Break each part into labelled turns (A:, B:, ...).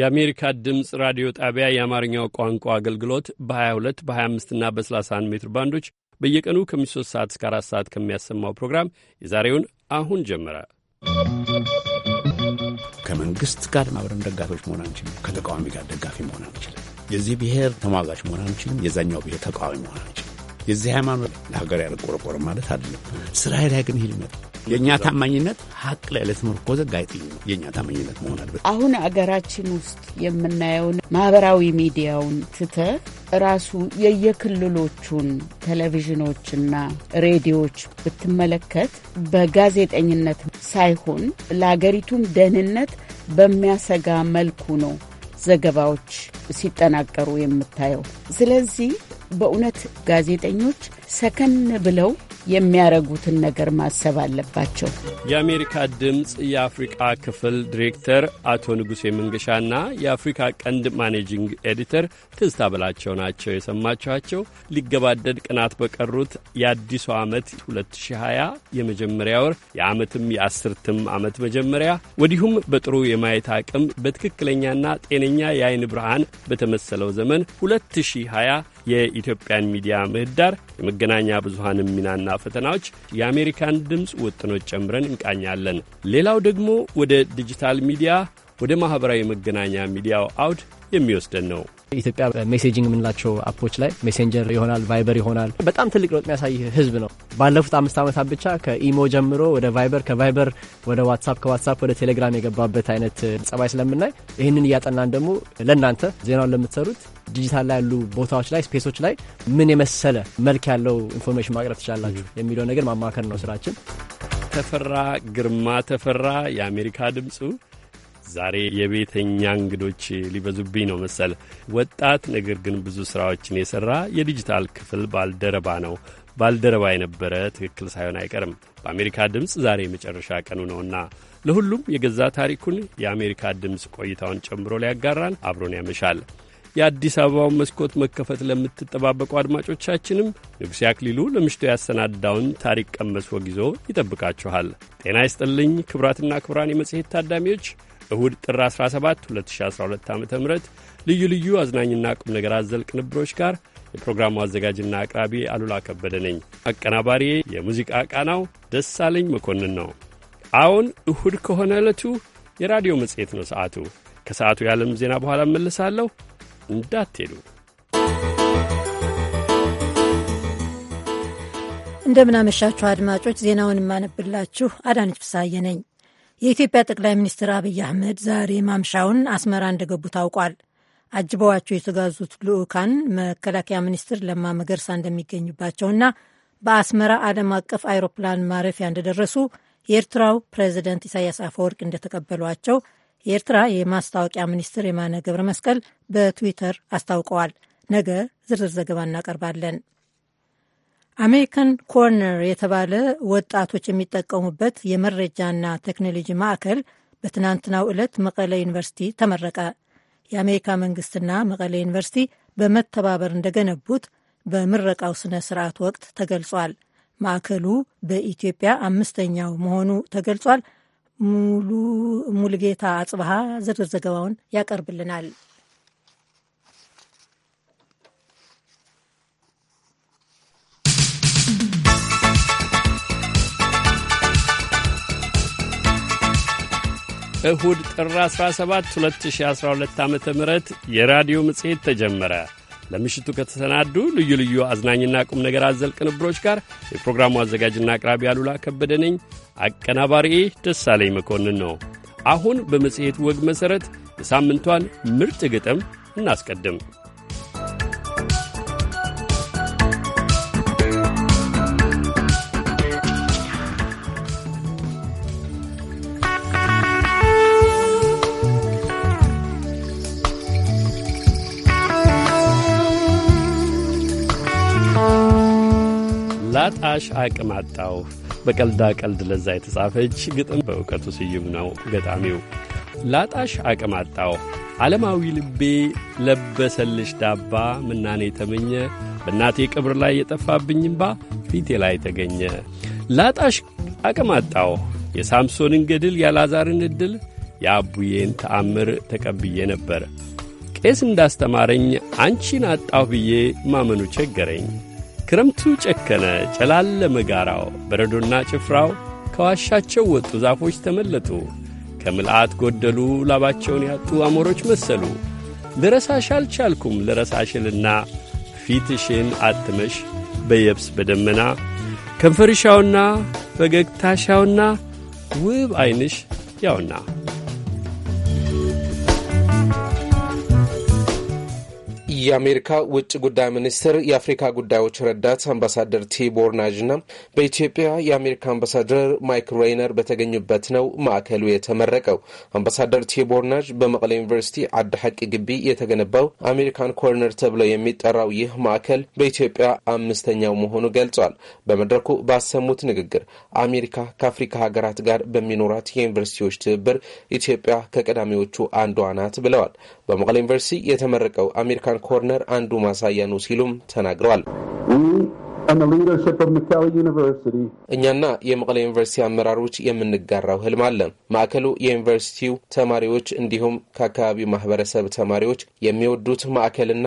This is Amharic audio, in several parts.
A: የአሜሪካ ድምፅ ራዲዮ ጣቢያ የአማርኛው ቋንቋ አገልግሎት በ22 በ25 እና በ31 ሜትር ባንዶች በየቀኑ ከ3 ሰዓት እስከ 4 ሰዓት ከሚያሰማው ፕሮግራም የዛሬውን
B: አሁን ጀመረ። ከመንግስት ጋር አብረን ደጋፊዎች መሆን አንችልም። ከተቃዋሚ ጋር ደጋፊ መሆን አንችልም። የዚህ ብሔር ተሟጋች መሆን አንችልም። የዛኛው ብሔር ተቃዋሚ መሆን አንችልም። የዚህ ሃይማኖት ለሀገር ያልቆረቆረ ማለት አይደለም። ስራዬ ላይ ግን ይሄ ሊመጣ የእኛ ታማኝነት ሀቅ ላይ ለተመርኮዘ ጋዜጠኝ የእኛ ታማኝነት መሆን አለበት።
C: አሁን አገራችን ውስጥ የምናየውን ማህበራዊ ሚዲያውን ትተ ራሱ የየክልሎቹን ቴሌቪዥኖችና ሬዲዮች ብትመለከት በጋዜጠኝነት ሳይሆን ለአገሪቱም ደህንነት በሚያሰጋ መልኩ ነው ዘገባዎች ሲጠናቀሩ የምታየው። ስለዚህ በእውነት ጋዜጠኞች ሰከን ብለው የሚያረጉትን ነገር ማሰብ አለባቸው።
A: የአሜሪካ ድምፅ የአፍሪቃ ክፍል ዲሬክተር አቶ ንጉሴ መንገሻና የአፍሪካ ቀንድ ማኔጂንግ ኤዲተር ትዝታ በላቸው ናቸው የሰማችኋቸው። ሊገባደድ ቅናት በቀሩት የአዲሱ ዓመት 2020 የመጀመሪያ ወር የዓመትም የአስርትም ዓመት መጀመሪያ ወዲሁም በጥሩ የማየት አቅም በትክክለኛና ጤነኛ የአይን ብርሃን በተመሰለው ዘመን 2020 የኢትዮጵያን ሚዲያ ምህዳር፣ የመገናኛ ብዙሀንም ሚናና ፈተናዎች የአሜሪካን ድምፅ ውጥኖች ጨምረን እንቃኛለን። ሌላው ደግሞ ወደ ዲጂታል ሚዲያ ወደ ማኅበራዊ መገናኛ ሚዲያው አውድ የሚወስደን ነው።
D: ኢትዮጵያ ሜሴጂንግ የምንላቸው አፖች ላይ ሜሴንጀር ይሆናል፣ ቫይበር ይሆናል። በጣም ትልቅ ለውጥ የሚያሳይ ህዝብ ነው። ባለፉት አምስት ዓመታት ብቻ ከኢሞ ጀምሮ ወደ ቫይበር፣ ከቫይበር ወደ ዋትሳፕ፣ ከዋትሳፕ ወደ ቴሌግራም የገባበት አይነት ጸባይ ስለምናይ ይህንን እያጠናን ደግሞ ለእናንተ ዜናውን ለምትሰሩት ዲጂታል ላይ ያሉ ቦታዎች ላይ ስፔሶች ላይ ምን የመሰለ መልክ ያለው ኢንፎርሜሽን ማቅረብ ትችላላችሁ የሚለው ነገር ማማከር ነው ስራችን። ተፈራ
A: ግርማ ተፈራ የአሜሪካ ድምፁ ዛሬ የቤተኛ እንግዶች ሊበዙብኝ ነው መሰል ወጣት ነገር ግን ብዙ ስራዎችን የሰራ የዲጂታል ክፍል ባልደረባ ነው። ባልደረባ የነበረ ትክክል ሳይሆን አይቀርም። በአሜሪካ ድምፅ ዛሬ የመጨረሻ ቀኑ ነውና ለሁሉም የገዛ ታሪኩን የአሜሪካ ድምፅ ቆይታውን ጨምሮ ሊያጋራን አብሮን ያመሻል። የአዲስ አበባውን መስኮት መከፈት ለምትጠባበቁ አድማጮቻችንም ንጉሴ አክሊሉ ለምሽቱ ያሰናዳውን ታሪክ ቀመስ ወግ ይዞ ይጠብቃችኋል። ጤና ይስጥልኝ ክቡራትና ክቡራን የመጽሔት ታዳሚዎች እሁድ ጥር 17 2012 ዓ ም ልዩ ልዩ አዝናኝና ቁም ነገር አዘል ቅንብሮች ጋር የፕሮግራሙ አዘጋጅና አቅራቢ አሉላ ከበደ ነኝ። አቀናባሪ የሙዚቃ ቃናው ደሳለኝ መኮንን ነው። አዎን እሁድ ከሆነ ዕለቱ የራዲዮ መጽሔት ነው። ሰዓቱ ከሰዓቱ የዓለም ዜና በኋላ እመልሳለሁ። እንዳትሄዱ።
E: እንደምናመሻችሁ አድማጮች፣ ዜናውን የማነብላችሁ አዳነች ፍሳዬ ነኝ። የኢትዮጵያ ጠቅላይ ሚኒስትር አብይ አህመድ ዛሬ ማምሻውን አስመራ እንደገቡ ታውቋል። አጅበዋቸው የተጓዙት ልዑካን መከላከያ ሚኒስትር ለማ መገርሳ እንደሚገኙባቸውና በአስመራ ዓለም አቀፍ አይሮፕላን ማረፊያ እንደደረሱ የኤርትራው ፕሬዚደንት ኢሳያስ አፈወርቅ እንደተቀበሏቸው የኤርትራ የማስታወቂያ ሚኒስትር የማነ ገብረ መስቀል በትዊተር አስታውቀዋል። ነገ ዝርዝር ዘገባ እናቀርባለን። አሜሪካን ኮርነር የተባለ ወጣቶች የሚጠቀሙበት የመረጃና ቴክኖሎጂ ማዕከል በትናንትናው ዕለት መቀለ ዩኒቨርሲቲ ተመረቀ። የአሜሪካ መንግስትና መቀለ ዩኒቨርሲቲ በመተባበር እንደገነቡት በምረቃው ስነ ስርዓት ወቅት ተገልጿል። ማዕከሉ በኢትዮጵያ አምስተኛው መሆኑ ተገልጿል። ሙሉ ሙሉጌታ አጽብሃ ዝርዝር ዘገባውን ያቀርብልናል።
A: እሁድ ጥር 17 2012 ዓ ም የራዲዮ መጽሔት ተጀመረ። ለምሽቱ ከተሰናዱ ልዩ ልዩ አዝናኝና ቁም ነገር አዘል ቅንብሮች ጋር የፕሮግራሙ አዘጋጅና አቅራቢ አሉላ ከበደ ነኝ። አቀናባሪዬ ደሳለኝ መኮንን ነው። አሁን በመጽሔት ወግ መሠረት የሳምንቷን ምርጥ ግጥም እናስቀድም። ጭራሽ አቅም አጣሁ በቀልዳ ቀልድ ለዛ የተጻፈች ግጥም በእውቀቱ ስዩም ነው ገጣሚው። ላጣሽ አቅም አጣሁ ዓለማዊ ልቤ ለበሰልሽ ዳባ ምናኔ የተመኘ በእናቴ ቅብር ላይ የጠፋብኝምባ ፊቴ ላይ ተገኘ። ላጣሽ አቅም አጣሁ የሳምሶንን ገድል ያላዛርን ዕድል የአቡዬን ተአምር ተቀብዬ ነበር ቄስ እንዳስተማረኝ አንቺን አጣሁ ብዬ ማመኑ ቸገረኝ። ክረምቱ ጨከነ፣ ጨላለመ ጋራው፣ በረዶና ጭፍራው ከዋሻቸው ወጡ ዛፎች ተመለጡ። ከምልአት ጎደሉ ላባቸውን ያጡ አሞሮች መሰሉ። ልረሳሽ አልቻልኩም ልረሳሽልና ፊትሽን አትመሽ በየብስ በደመና ከንፈርሻውና ፈገግታሻውና
F: ውብ ዐይንሽ ያውና የአሜሪካ ውጭ ጉዳይ ሚኒስትር የአፍሪካ ጉዳዮች ረዳት አምባሳደር ቲቦር ናዥና በኢትዮጵያ የአሜሪካ አምባሳደር ማይክ ሬይነር በተገኙበት ነው ማዕከሉ የተመረቀው። አምባሳደር ቲቦር ናጅ በመቀለ ዩኒቨርሲቲ አድ ሐቂ ግቢ የተገነባው አሜሪካን ኮርነር ተብሎ የሚጠራው ይህ ማዕከል በኢትዮጵያ አምስተኛው መሆኑ ገልጿል። በመድረኩ ባሰሙት ንግግር አሜሪካ ከአፍሪካ ሀገራት ጋር በሚኖራት የዩኒቨርሲቲዎች ትብብር ኢትዮጵያ ከቀዳሚዎቹ አንዷ ናት ብለዋል። በመቀለ ዩኒቨርሲቲ የተመረቀው አሜሪካን ኮርነር አንዱ ማሳያ ነው ሲሉም ተናግረዋል። እኛና የመቀለ ዩኒቨርሲቲ አመራሮች የምንጋራው ህልም አለ። ማዕከሉ የዩኒቨርሲቲው ተማሪዎች እንዲሁም ከአካባቢው ማህበረሰብ ተማሪዎች የሚወዱት ማዕከልና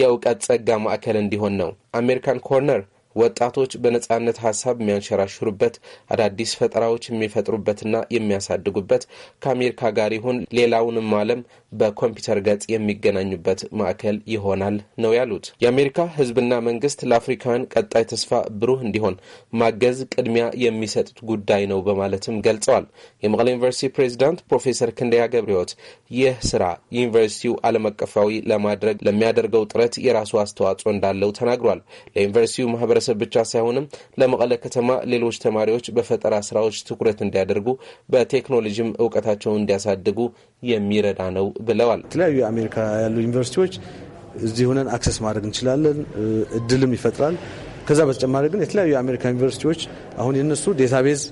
F: የእውቀት ጸጋ ማዕከል እንዲሆን ነው። አሜሪካን ኮርነር ወጣቶች በነጻነት ሀሳብ የሚያንሸራሽሩበት አዳዲስ ፈጠራዎች የሚፈጥሩበትና የሚያሳድጉበት ከአሜሪካ ጋር ይሁን ሌላውንም ዓለም በኮምፒውተር ገጽ የሚገናኙበት ማዕከል ይሆናል ነው ያሉት። የአሜሪካ ሕዝብና መንግስት ለአፍሪካውያን ቀጣይ ተስፋ ብሩህ እንዲሆን ማገዝ ቅድሚያ የሚሰጡት ጉዳይ ነው በማለትም ገልጸዋል። የመቀለ ዩኒቨርሲቲ ፕሬዚዳንት ፕሮፌሰር ክንደያ ገብረሕይወት ይህ ስራ ዩኒቨርሲቲው ዓለም አቀፋዊ ለማድረግ ለሚያደርገው ጥረት የራሱ አስተዋጽኦ እንዳለው ተናግሯል። ለዩኒቨርሲቲው ማህበረ ማህበረሰብ ብቻ ሳይሆንም ለመቀለ ከተማ ሌሎች ተማሪዎች በፈጠራ ስራዎች ትኩረት እንዲያደርጉ በቴክኖሎጂም እውቀታቸውን እንዲያሳድጉ የሚረዳ ነው ብለዋል። የተለያዩ የአሜሪካ ያሉ ዩኒቨርሲቲዎች እዚህ ሆነን አክሰስ ማድረግ እንችላለን። እድልም ይፈጥራል። ከዛ በተጨማሪ ግን የተለያዩ የአሜሪካ ዩኒቨርሲቲዎች አሁን የነሱ ዴታቤዝ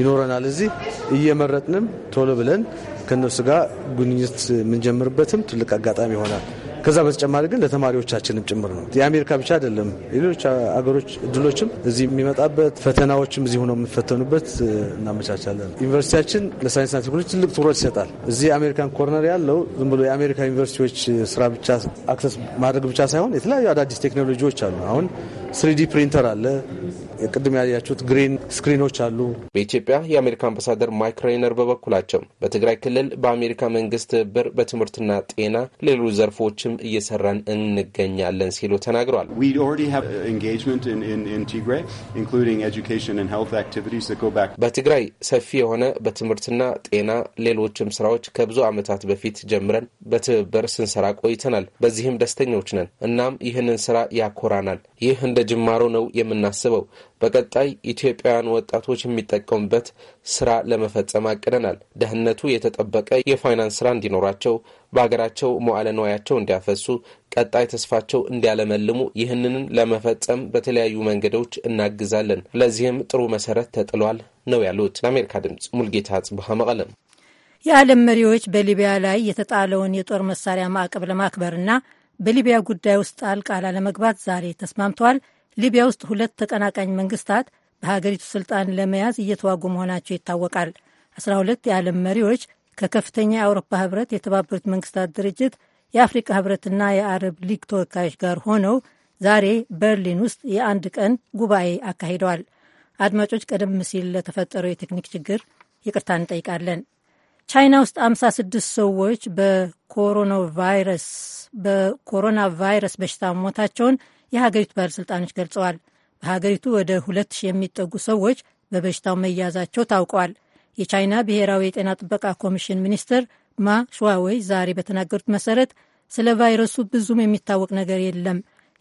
F: ይኖረናል። እዚህ እየመረጥንም ቶሎ ብለን ከነሱ ጋር ጉብኝት የምንጀምርበትም ትልቅ አጋጣሚ ይሆናል። ከዛ በተጨማሪ ግን ለተማሪዎቻችንም ጭምር ነው። የአሜሪካ ብቻ አይደለም፣ ሌሎች አገሮች እድሎችም እዚህ የሚመጣበት ፈተናዎችም እዚህ ሆነው የምንፈተኑበት እናመቻቻለን። ዩኒቨርሲቲያችን ለሳይንስና ቴክኖሎጂ ትልቅ ትኩረት ይሰጣል። እዚህ የአሜሪካን ኮርነር ያለው ዝም ብሎ የአሜሪካ ዩኒቨርሲቲዎች ስራ ብቻ አክሰስ ማድረግ ብቻ ሳይሆን የተለያዩ አዳዲስ ቴክኖሎጂዎች አሉ። አሁን ስሪዲ ፕሪንተር አለ ቅድም ያያችሁት ግሪን ስክሪኖች አሉ። በኢትዮጵያ የአሜሪካ አምባሳደር ማይክ ራይነር በበኩላቸው በትግራይ ክልል በአሜሪካ መንግስት ትብብር በትምህርትና ጤና፣ ሌሎች ዘርፎችም እየሰራን እንገኛለን ሲሉ ተናግረዋል። በትግራይ ሰፊ የሆነ በትምህርትና ጤና ሌሎችም ስራዎች ከብዙ ዓመታት በፊት ጀምረን በትብብር ስንሰራ ቆይተናል። በዚህም ደስተኞች ነን። እናም ይህንን ስራ ያኮራናል። ይህ እንደ ጅማሮ ነው የምናስበው። በቀጣይ ኢትዮጵያውያን ወጣቶች የሚጠቀሙበት ስራ ለመፈጸም አቅደናል። ደህንነቱ የተጠበቀ የፋይናንስ ስራ እንዲኖራቸው፣ በሀገራቸው መዋለ ንዋያቸው እንዲያፈሱ፣ ቀጣይ ተስፋቸው እንዲያለመልሙ ይህንንም ለመፈጸም በተለያዩ መንገዶች እናግዛለን። ለዚህም ጥሩ መሰረት ተጥሏል ነው ያሉት። ለአሜሪካ ድምጽ ሙልጌታ ጽቡሃ መቀለም።
E: የዓለም መሪዎች በሊቢያ ላይ የተጣለውን የጦር መሳሪያ ማዕቀብ ለማክበርና በሊቢያ ጉዳይ ውስጥ ጣልቃ ላለመግባት ዛሬ ተስማምተዋል። ሊቢያ ውስጥ ሁለት ተቀናቃኝ መንግስታት በሀገሪቱ ስልጣን ለመያዝ እየተዋጉ መሆናቸው ይታወቃል። 12 የዓለም መሪዎች ከከፍተኛ የአውሮፓ ህብረት፣ የተባበሩት መንግስታት ድርጅት፣ የአፍሪካ ህብረትና የአረብ ሊግ ተወካዮች ጋር ሆነው ዛሬ በርሊን ውስጥ የአንድ ቀን ጉባኤ አካሂደዋል። አድማጮች፣ ቀደም ሲል ለተፈጠረው የቴክኒክ ችግር ይቅርታ እንጠይቃለን። ቻይና ውስጥ 56 ሰዎች በኮሮና ቫይረስ በኮሮና ቫይረስ በሽታ ሞታቸውን የሀገሪቱ ባለሥልጣኖች ገልጸዋል። በሀገሪቱ ወደ ሁለት ሺህ የሚጠጉ ሰዎች በበሽታው መያዛቸው ታውቀዋል። የቻይና ብሔራዊ የጤና ጥበቃ ኮሚሽን ሚኒስትር ማ ሸዋወይ ዛሬ በተናገሩት መሰረት ስለ ቫይረሱ ብዙም የሚታወቅ ነገር የለም።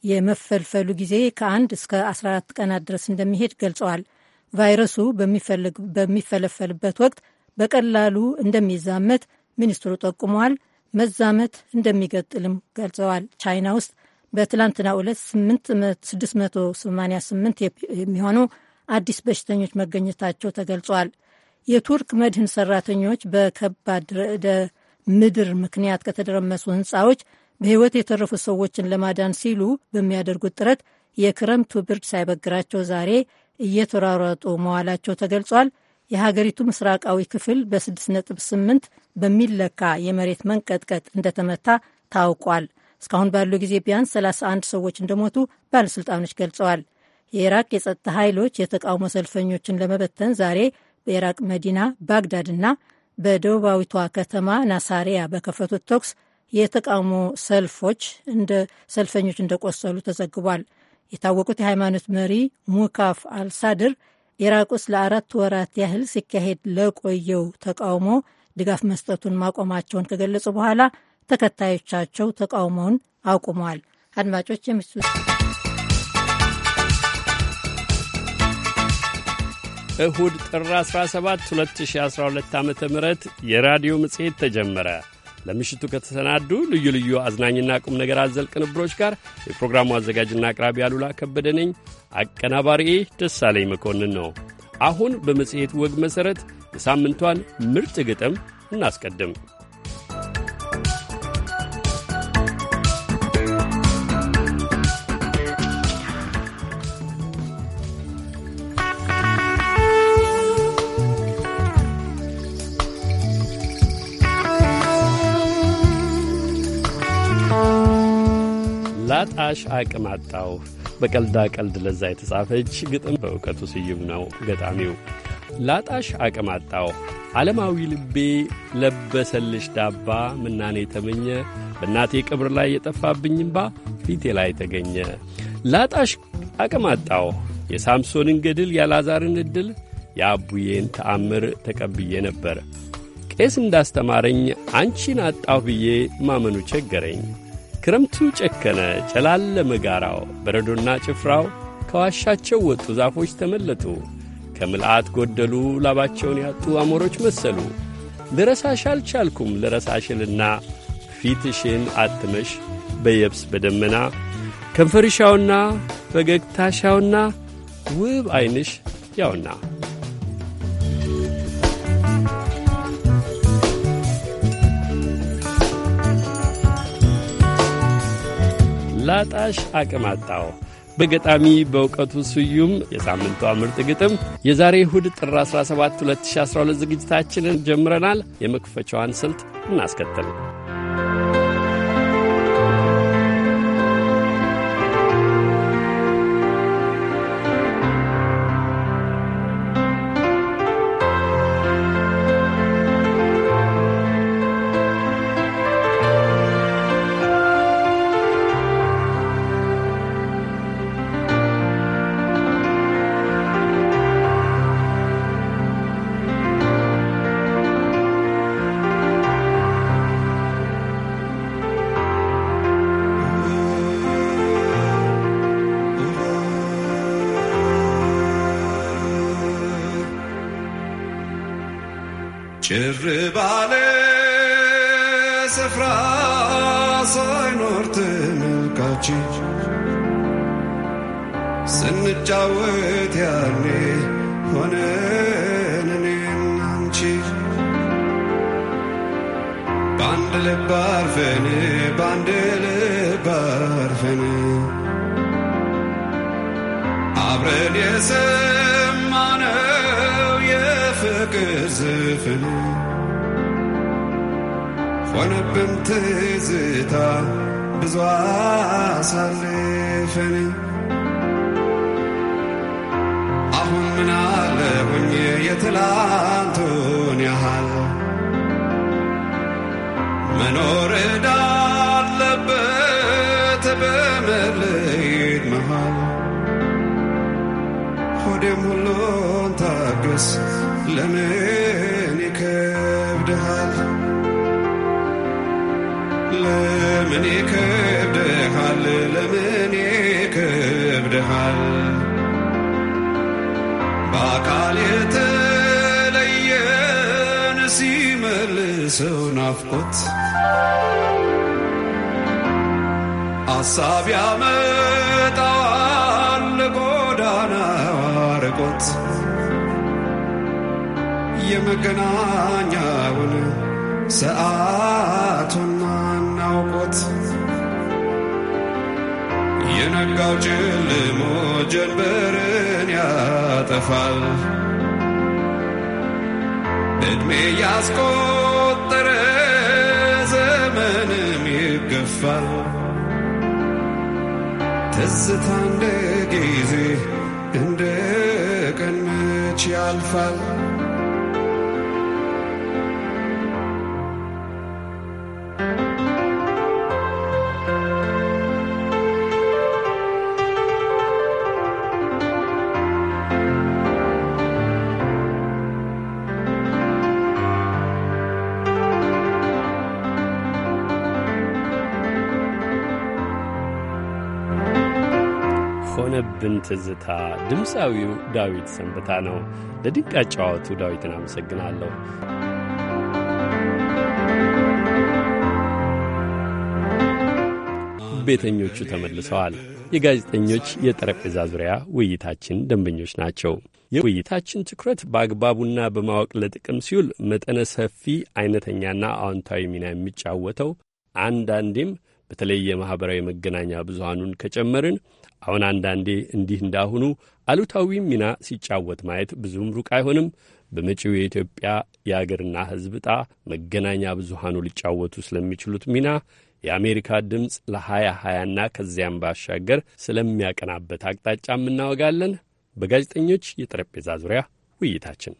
E: የመፈልፈሉ ጊዜ ከአንድ እስከ 14 ቀናት ድረስ እንደሚሄድ ገልጸዋል። ቫይረሱ በሚፈለፈልበት ወቅት በቀላሉ እንደሚዛመት ሚኒስትሩ ጠቁመዋል። መዛመት እንደሚቀጥልም ገልጸዋል። ቻይና ውስጥ በትላንትና ዕለት 688 የሚሆኑ አዲስ በሽተኞች መገኘታቸው ተገልጿል። የቱርክ መድህን ሰራተኞች በከባድ ርዕደ ምድር ምክንያት ከተደረመሱ ህንፃዎች በህይወት የተረፉ ሰዎችን ለማዳን ሲሉ በሚያደርጉት ጥረት የክረምቱ ብርድ ሳይበግራቸው ዛሬ እየተሯሯጡ መዋላቸው ተገልጿል። የሀገሪቱ ምስራቃዊ ክፍል በ6.8 በሚለካ የመሬት መንቀጥቀጥ እንደተመታ ታውቋል። እስካሁን ባለው ጊዜ ቢያንስ 31 ሰዎች እንደሞቱ ባለሥልጣኖች ገልጸዋል። የኢራቅ የጸጥታ ኃይሎች የተቃውሞ ሰልፈኞችን ለመበተን ዛሬ በኢራቅ መዲና ባግዳድና በደቡባዊቷ ከተማ ናሳሪያ በከፈቱት ተኩስ የተቃውሞ ሰልፎች እንደ ሰልፈኞች እንደቆሰሉ ተዘግቧል። የታወቁት የሃይማኖት መሪ ሙካፍ አልሳድር ኢራቅ ውስጥ ለአራት ወራት ያህል ሲካሄድ ለቆየው ተቃውሞ ድጋፍ መስጠቱን ማቆማቸውን ከገለጹ በኋላ ተከታዮቻቸው ተቃውሞውን አቁመዋል። አድማጮች የምሽቱ
A: እሁድ ጥር 17 2012 ዓ ም የራዲዮ መጽሔት ተጀመረ። ለምሽቱ ከተሰናዱ ልዩ ልዩ አዝናኝና ቁም ነገር አዘል ቅንብሮች ጋር የፕሮግራሙ አዘጋጅና አቅራቢ አሉላ ከበደ ነኝ። አቀናባሪዬ ደሳለኝ መኮንን ነው። አሁን በመጽሔት ወግ መሠረት የሳምንቷን ምርጥ ግጥም እናስቀድም። ጣሽ አቅም አጣሁ በቀልዳ ቀልድ ለዛ የተጻፈች ግጥም በእውቀቱ ስዩም ነው ገጣሚው። ላጣሽ አቅም አጣሁ ዓለማዊ ልቤ ለበሰልሽ ዳባ ምናኔ የተመኘ በእናቴ ቅብር ላይ የጠፋብኝ እምባ ፊቴ ላይ ተገኘ። ላጣሽ አቅም የሳምሶንን ገድል ያላዛርን ዕድል የአቡዬን ተአምር ተቀብዬ ነበር ቄስ እንዳስተማረኝ አንቺን አጣሁ ብዬ ማመኑ ቸገረኝ። ክረምቱ ጨከነ፣ ጨላለመ ጋራው፣ በረዶና ጭፍራው ከዋሻቸው ወጡ፣ ዛፎች ተመለጡ፣ ከምልአት ጎደሉ፣ ላባቸውን ያጡ አሞሮች መሰሉ። ልረሳሽ አልቻልኩም ልረሳሽልና ፊትሽን አትመሽ በየብስ በደመና ከንፈርሻውና ፈገግታሻውና ውብ ዐይንሽ ያውና ላጣሽ አቅም አጣው በገጣሚ በእውቀቱ ስዩም የሳምንቷ ምርጥ ግጥም የዛሬ እሁድ ጥር 17 2012 ዝግጅታችንን ጀምረናል። የመክፈቻዋን ስልት እናስከተል።
G: ቅር ባለ ስፍራ ሳይኖር ትምልካች ስንጫወት ያኔ ሆነን እኔና አንቺ በአንድ ልብ አርፈን በአንድ ልብ አርፈን አብረን የሰ ገዝፍን ሆነብን ትዝታ ብዙ አሳልፈን አሁን ምን የትላንቱን ያህል መኖር ዳለበት በመለየት መሃል ሆዴም ሁሉን ታገስ ለምን ይከብድሃል? ለምን ይከብድሃል? ለምን ይከብድሃል? በአካል የተለየን ሲመልሰው ናፍቆት ሐሳብ ያመጣዋል ጎዳና አርቆት የመገናኛውን ሰዓቱና እናውቆት የነጋው ጅልሞ ጀንበርን ያጠፋል። እድሜ ያስቆጠረ ዘመንም ይገፋል። ትዝታ እንደ ጊዜ እንደ ቀን መች ያልፋል።
A: የልብን ትዝታ ድምፃዊው ዳዊት ሰንበታ ነው። ለድንቅ አጫዋቱ ዳዊትን አመሰግናለሁ። ቤተኞቹ ተመልሰዋል። የጋዜጠኞች የጠረጴዛ ዙሪያ ውይይታችን ደንበኞች ናቸው። የውይይታችን ትኩረት በአግባቡና በማወቅ ለጥቅም ሲውል መጠነ ሰፊ አይነተኛና አዎንታዊ ሚና የሚጫወተው አንዳንዴም በተለይ የማኅበራዊ መገናኛ ብዙሃኑን ከጨመርን አሁን አንዳንዴ እንዲህ እንዳሁኑ አሉታዊ ሚና ሲጫወት ማየት ብዙም ሩቅ አይሆንም። በመጪው የኢትዮጵያ የአገርና ሕዝብ ዕጣ መገናኛ ብዙሃኑ ሊጫወቱ ስለሚችሉት ሚና የአሜሪካ ድምፅ ለሀያ ሀያና ከዚያም ባሻገር ስለሚያቀናበት አቅጣጫም እናወጋለን። በጋዜጠኞች የጠረጴዛ ዙሪያ ውይይታችን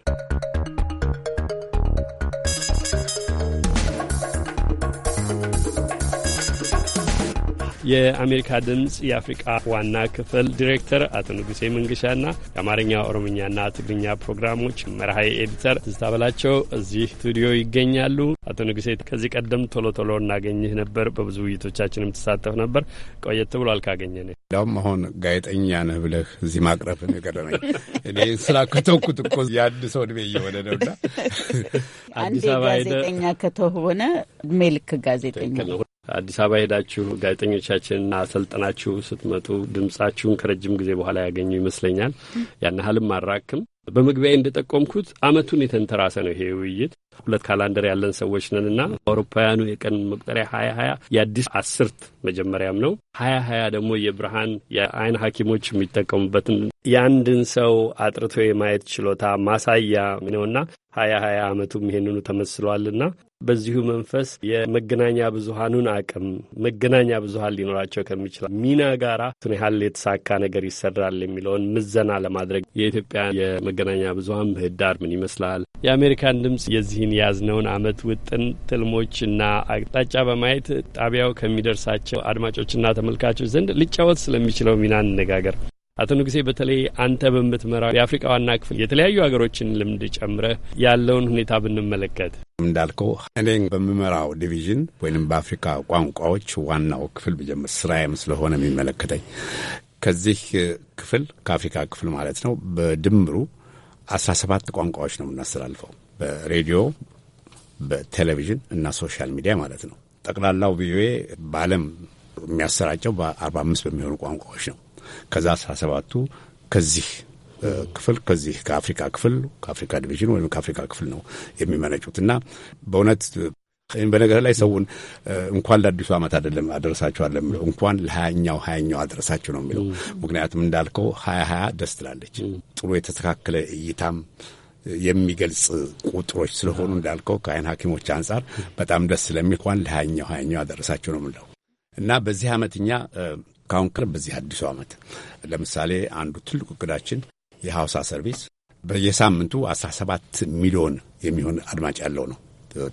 A: የአሜሪካ ድምፅ የአፍሪቃ ዋና ክፍል ዲሬክተር አቶ ንጉሴ መንገሻና የአማርኛ ኦሮምኛና ትግርኛ ፕሮግራሞች መርሃይ ኤዲተር ትዝታ በላቸው እዚህ ስቱዲዮ ይገኛሉ። አቶ ንጉሴ ከዚህ ቀደም ቶሎ ቶሎ እናገኝህ ነበር፣ በብዙ ውይይቶቻችንም ትሳተፍ ነበር። ቆየት ብሎ አልካገኘን።
B: እንዲያውም አሁን ጋዜጠኛ ነህ ብለህ እዚህ ማቅረብ ነው የገረመኝ። እኔ ስላኮተኩት እኮ የአንድ ሰው እድሜ እየሆነ
C: ነውና አበባ ጋዜጠኛ ከተሆነ እድሜ ልክ ጋዜጠኛ
A: አዲስ አበባ ሄዳችሁ ጋዜጠኞቻችንና አሰልጠናችሁ ስትመጡ ድምጻችሁን ከረጅም ጊዜ በኋላ ያገኙ ይመስለኛል። ያን ያህልም አራክም። በመግቢያ እንደጠቆምኩት አመቱን የተንተራሰ ነው ይሄ ውይይት። ሁለት ካላንደር ያለን ሰዎች ነን እና የቀን መቁጠሪያ ሀያ ሀያ የአዲስ አስርት መጀመሪያም ነው። ሀያ ሀያ ደግሞ የብርሃን የአይን ሐኪሞች የሚጠቀሙበትን የአንድን ሰው አጥርቶ የማየት ችሎታ ማሳያ ነውና ሀያ ሀያ አመቱም ይሄንኑ ተመስሏልና በዚሁ መንፈስ የመገናኛ ብዙሀኑን አቅም መገናኛ ብዙሀን ሊኖራቸው ከሚችል ሚና ጋራ ቱን ያህል የተሳካ ነገር ይሰራል የሚለውን ምዘና ለማድረግ የኢትዮጵያ የመገናኛ ብዙሀን ምህዳር ምን ይመስላል? የአሜሪካን ድምፅ የዚህን የያዝነውን አመት ውጥን ትልሞችና አቅጣጫ በማየት ጣቢያው ከሚደርሳቸው አድማጮችና ተመልካቾች ዘንድ ሊጫወት ስለሚችለው ሚና እንነጋገር። አቶ ንጉሴ በተለይ አንተ በምትመራው የአፍሪቃ ዋና ክፍል የተለያዩ ሀገሮችን ልምድ ጨምረህ ያለውን ሁኔታ ብንመለከት
B: እንዳልከው እኔ በምመራው ዲቪዥን ወይም በአፍሪካ ቋንቋዎች ዋናው ክፍል ብጀምር ስራዬም ስለሆነ የሚመለከተኝ ከዚህ ክፍል ከአፍሪካ ክፍል ማለት ነው። በድምሩ አስራ ሰባት ቋንቋዎች ነው የምናስተላልፈው በሬዲዮ በቴሌቪዥን እና ሶሻል ሚዲያ ማለት ነው። ጠቅላላው ቪኦኤ በዓለም የሚያሰራጨው በአርባ አምስት በሚሆኑ ቋንቋዎች ነው። ከዛ አስራ ሰባቱ ከዚህ ክፍል ከዚህ ከአፍሪካ ክፍል ከአፍሪካ ዲቪዥን ወይም ከአፍሪካ ክፍል ነው የሚመነጩት እና በእውነት በነገር ላይ ሰውን እንኳን ለአዲሱ ዓመት አይደለም አደረሳችኋለሁ የሚለው እንኳን ለሀያኛው ሀያኛው አደረሳችሁ ነው የሚለው። ምክንያቱም እንዳልከው ሀያ ሀያ ደስ ትላለች። ጥሩ የተስተካከለ እይታም የሚገልጽ ቁጥሮች ስለሆኑ እንዳልከው ከአይን ሐኪሞች አንጻር በጣም ደስ ስለሚል እንኳን ለሀያኛው ሀያኛው አደረሳችሁ ነው የሚለው እና በዚህ ዓመት እኛ ካሁን ቀር በዚህ አዲሱ ዓመት ለምሳሌ አንዱ ትልቁ እቅዳችን የሐውሳ ሰርቪስ በየሳምንቱ 17 ሚሊዮን የሚሆን አድማጭ ያለው ነው።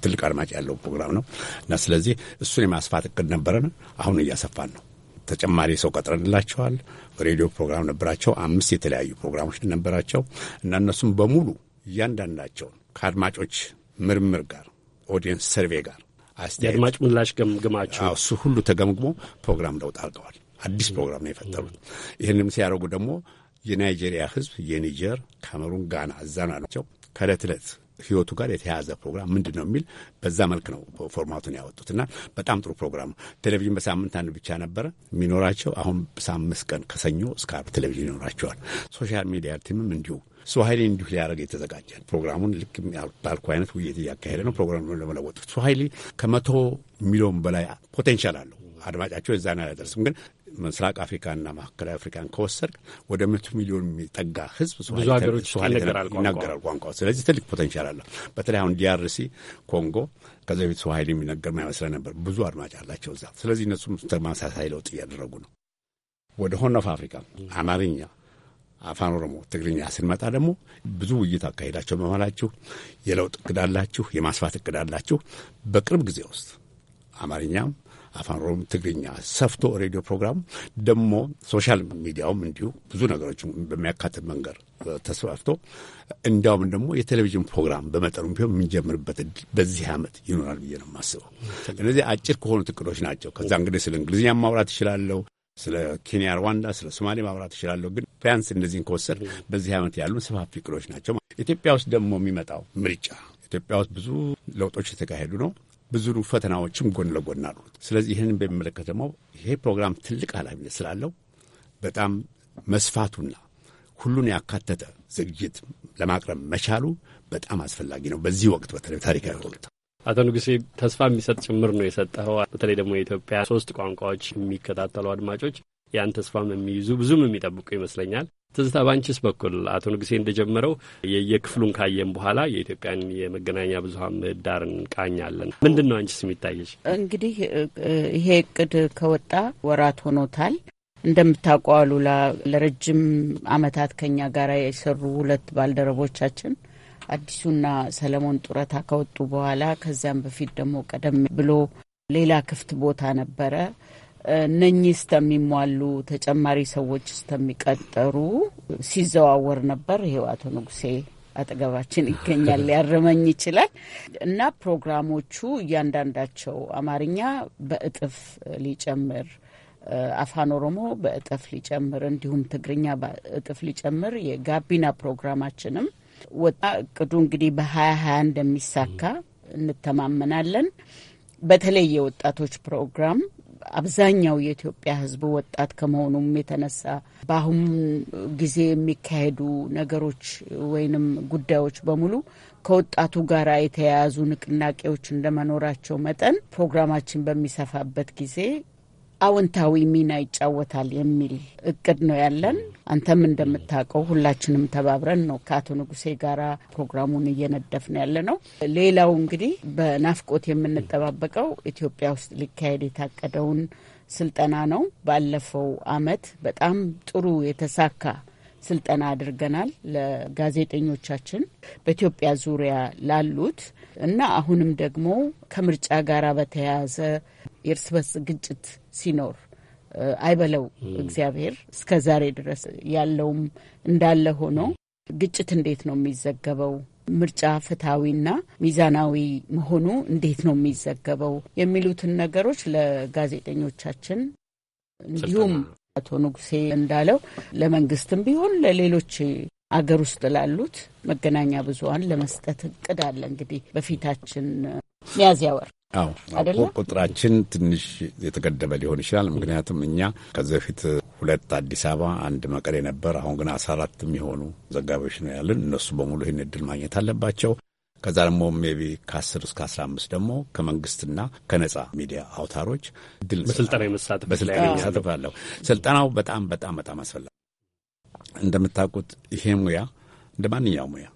B: ትልቅ አድማጭ ያለው ፕሮግራም ነው እና ስለዚህ እሱን የማስፋት እቅድ ነበረን። አሁን እያሰፋን ነው። ተጨማሪ ሰው ቀጥረንላቸዋል። ሬዲዮ ፕሮግራም ነበራቸው፣ አምስት የተለያዩ ፕሮግራሞች ነበራቸው እና እነሱም በሙሉ እያንዳንዳቸውን ከአድማጮች ምርምር ጋር ኦዲየንስ ሰርቬ ጋር አስተያየት ምላሽ ገምግማቸው እሱ ሁሉ ተገምግሞ ፕሮግራም ለውጥ አድርገዋል። አዲስ ፕሮግራም ነው የፈጠሩት። ይህንም ሲያደርጉ ደግሞ የናይጄሪያ ህዝብ የኒጀር፣ ካሜሩን፣ ጋና እዛና ናቸው ከእለት ዕለት ህይወቱ ጋር የተያያዘ ፕሮግራም ምንድን ነው የሚል በዛ መልክ ነው ፎርማቱን ያወጡት እና በጣም ጥሩ ፕሮግራም ነው። ቴሌቪዥን በሳምንት አንድ ብቻ ነበረ የሚኖራቸው። አሁን በሳምስት ቀን ከሰኞ እስከ አርብ ቴሌቪዥን ይኖራቸዋል። ሶሻል ሚዲያ ቲምም እንዲሁ ሶሀይሌ እንዲሁ ሊያደርግ የተዘጋጀ ፕሮግራሙን ልክ ባልኩ አይነት ውይይት እያካሄደ ነው ፕሮግራሙን ለመለወጥ። ሶሀይሌ ከመቶ ሚሊዮን በላይ ፖቴንሻል አለው። አድማጫቸው የዛን ያደርስም ግን ምስራቅ አፍሪካና ማዕከላዊ አፍሪካን ከወሰድ ወደ መቶ ሚሊዮን የሚጠጋ ህዝብ ብዙ ሀገሮች ይናገራል ቋንቋ። ስለዚህ ትልቅ ፖቴንሻል አለው። በተለይ አሁን ዲያርሲ ኮንጎ ከዚ በፊት ሀይል የሚነገር ማይመስለ ነበር። ብዙ አድማጭ አላቸው እዛ። ስለዚህ እነሱም ተመሳሳይ ለውጥ እያደረጉ ነው። ወደ ሆርን ኦፍ አፍሪካ አማርኛ፣ አፋን ኦሮሞ፣ ትግርኛ ስንመጣ ደግሞ ብዙ ውይይት አካሄዳቸው በመላችሁ የለውጥ እቅድ አላችሁ፣ የማስፋት እቅድ አላችሁ። በቅርብ ጊዜ ውስጥ አማርኛም አፋን ኦሮሞ ትግርኛ ሰፍቶ ሬዲዮ ፕሮግራም ደግሞ ሶሻል ሚዲያውም እንዲሁ ብዙ ነገሮች በሚያካትት መንገድ ተስፋፍቶ እንዲያውም ደግሞ የቴሌቪዥን ፕሮግራም በመጠኑ ቢሆን የምንጀምርበት በዚህ ዓመት ይኖራል ብዬ ነው የማስበው። እነዚህ አጭር ከሆኑት እቅዶች ናቸው። ከዛ እንግዲህ ስለ እንግሊዝኛ ማውራት እችላለሁ። ስለ ኬንያ፣ ሩዋንዳ፣ ስለ ሶማሌ ማብራት እችላለሁ። ግን ቢያንስ እነዚህን ከወሰድ በዚህ ዓመት ያሉ ሰፋፊ እቅዶች ናቸው። ኢትዮጵያ ውስጥ ደግሞ የሚመጣው ምርጫ ኢትዮጵያ ውስጥ ብዙ ለውጦች የተካሄዱ ነው። ብዙ ፈተናዎችም ጎን ለጎን አሉት። ስለዚህ ይህንን በሚመለከት ደግሞ ይሄ ፕሮግራም ትልቅ ኃላፊነት ስላለው በጣም መስፋቱና ሁሉን ያካተተ ዝግጅት ለማቅረብ መቻሉ በጣም አስፈላጊ ነው። በዚህ ወቅት በተለይ
A: ታሪካዊ ወቅት አቶ ንጉሴ ተስፋ የሚሰጥ ጭምር ነው የሰጠኸው። በተለይ ደግሞ የኢትዮጵያ ሶስት ቋንቋዎች የሚከታተሉ አድማጮች ያን ተስፋም የሚይዙ ብዙም የሚጠብቁ ይመስለኛል። ትዝታ ባንችስ በኩል አቶ ንጉሴ እንደጀመረው የየክፍሉን ካየን በኋላ የኢትዮጵያን የመገናኛ ብዙኃን ምህዳር እንቃኛለን። ምንድን ነው አንችስ የሚታየች?
C: እንግዲህ ይሄ እቅድ ከወጣ ወራት ሆኖታል። እንደምታውቀው አሉላ ለረጅም አመታት ከኛ ጋር የሰሩ ሁለት ባልደረቦቻችን አዲሱና ሰለሞን ጡረታ ከወጡ በኋላ ከዚያም በፊት ደግሞ ቀደም ብሎ ሌላ ክፍት ቦታ ነበረ። እነኚህ እስተሚሟሉ ተጨማሪ ሰዎች እስተሚቀጠሩ ሲዘዋወር ነበር። ይሄው አቶ ንጉሴ አጠገባችን ይገኛል፣ ሊያርመኝ ይችላል። እና ፕሮግራሞቹ እያንዳንዳቸው አማርኛ በእጥፍ ሊጨምር አፋን ኦሮሞ በእጥፍ ሊጨምር እንዲሁም ትግርኛ በእጥፍ ሊጨምር የጋቢና ፕሮግራማችንም ወጣ። እቅዱ እንግዲህ በሀያ ሀያ እንደሚሳካ እንተማመናለን። በተለይ የወጣቶች ፕሮግራም አብዛኛው የኢትዮጵያ ሕዝብ ወጣት ከመሆኑም የተነሳ በአሁኑ ጊዜ የሚካሄዱ ነገሮች ወይንም ጉዳዮች በሙሉ ከወጣቱ ጋር የተያያዙ ንቅናቄዎች እንደመኖራቸው መጠን ፕሮግራማችን በሚሰፋበት ጊዜ አዎንታዊ ሚና ይጫወታል የሚል እቅድ ነው ያለን። አንተም እንደምታውቀው ሁላችንም ተባብረን ነው ከአቶ ንጉሴ ጋራ ፕሮግራሙን እየነደፍ ነው ያለ ነው። ሌላው እንግዲህ በናፍቆት የምንጠባበቀው ኢትዮጵያ ውስጥ ሊካሄድ የታቀደውን ስልጠና ነው። ባለፈው አመት በጣም ጥሩ የተሳካ ስልጠና አድርገናል ለጋዜጠኞቻችን በኢትዮጵያ ዙሪያ ላሉት እና አሁንም ደግሞ ከምርጫ ጋር በተያያዘ የእርስ በርስ ግጭት ሲኖር አይበለው እግዚአብሔር። እስከ ዛሬ ድረስ ያለውም እንዳለ ሆኖ ግጭት እንዴት ነው የሚዘገበው? ምርጫ ፍትሐዊና ሚዛናዊ መሆኑ እንዴት ነው የሚዘገበው? የሚሉትን ነገሮች ለጋዜጠኞቻችን እንዲሁም አቶ ንጉሴ እንዳለው ለመንግስትም ቢሆን ለሌሎች አገር ውስጥ ላሉት መገናኛ ብዙኃን ለመስጠት እቅድ አለ። እንግዲህ በፊታችን ሚያዝያ ወር
B: አዎ ቁጥራችን ትንሽ የተገደበ ሊሆን ይችላል። ምክንያቱም እኛ ከዚህ በፊት ሁለት አዲስ አበባ አንድ መቀሌ ነበር። አሁን ግን አስራ አራት የሚሆኑ ዘጋቢዎች ነው ያለን። እነሱ በሙሉ ይህን እድል ማግኘት አለባቸው። ከዛ ደግሞ ሜቢ ከአስር እስከ አስራ አምስት ደግሞ ከመንግስትና ከነጻ ሚዲያ አውታሮች እድል በስልጠና መሳተፍ አለሁ። ስልጠናው በጣም በጣም በጣም አስፈላጊ እንደምታውቁት ይሄ ሙያ እንደ ማንኛው ሙያ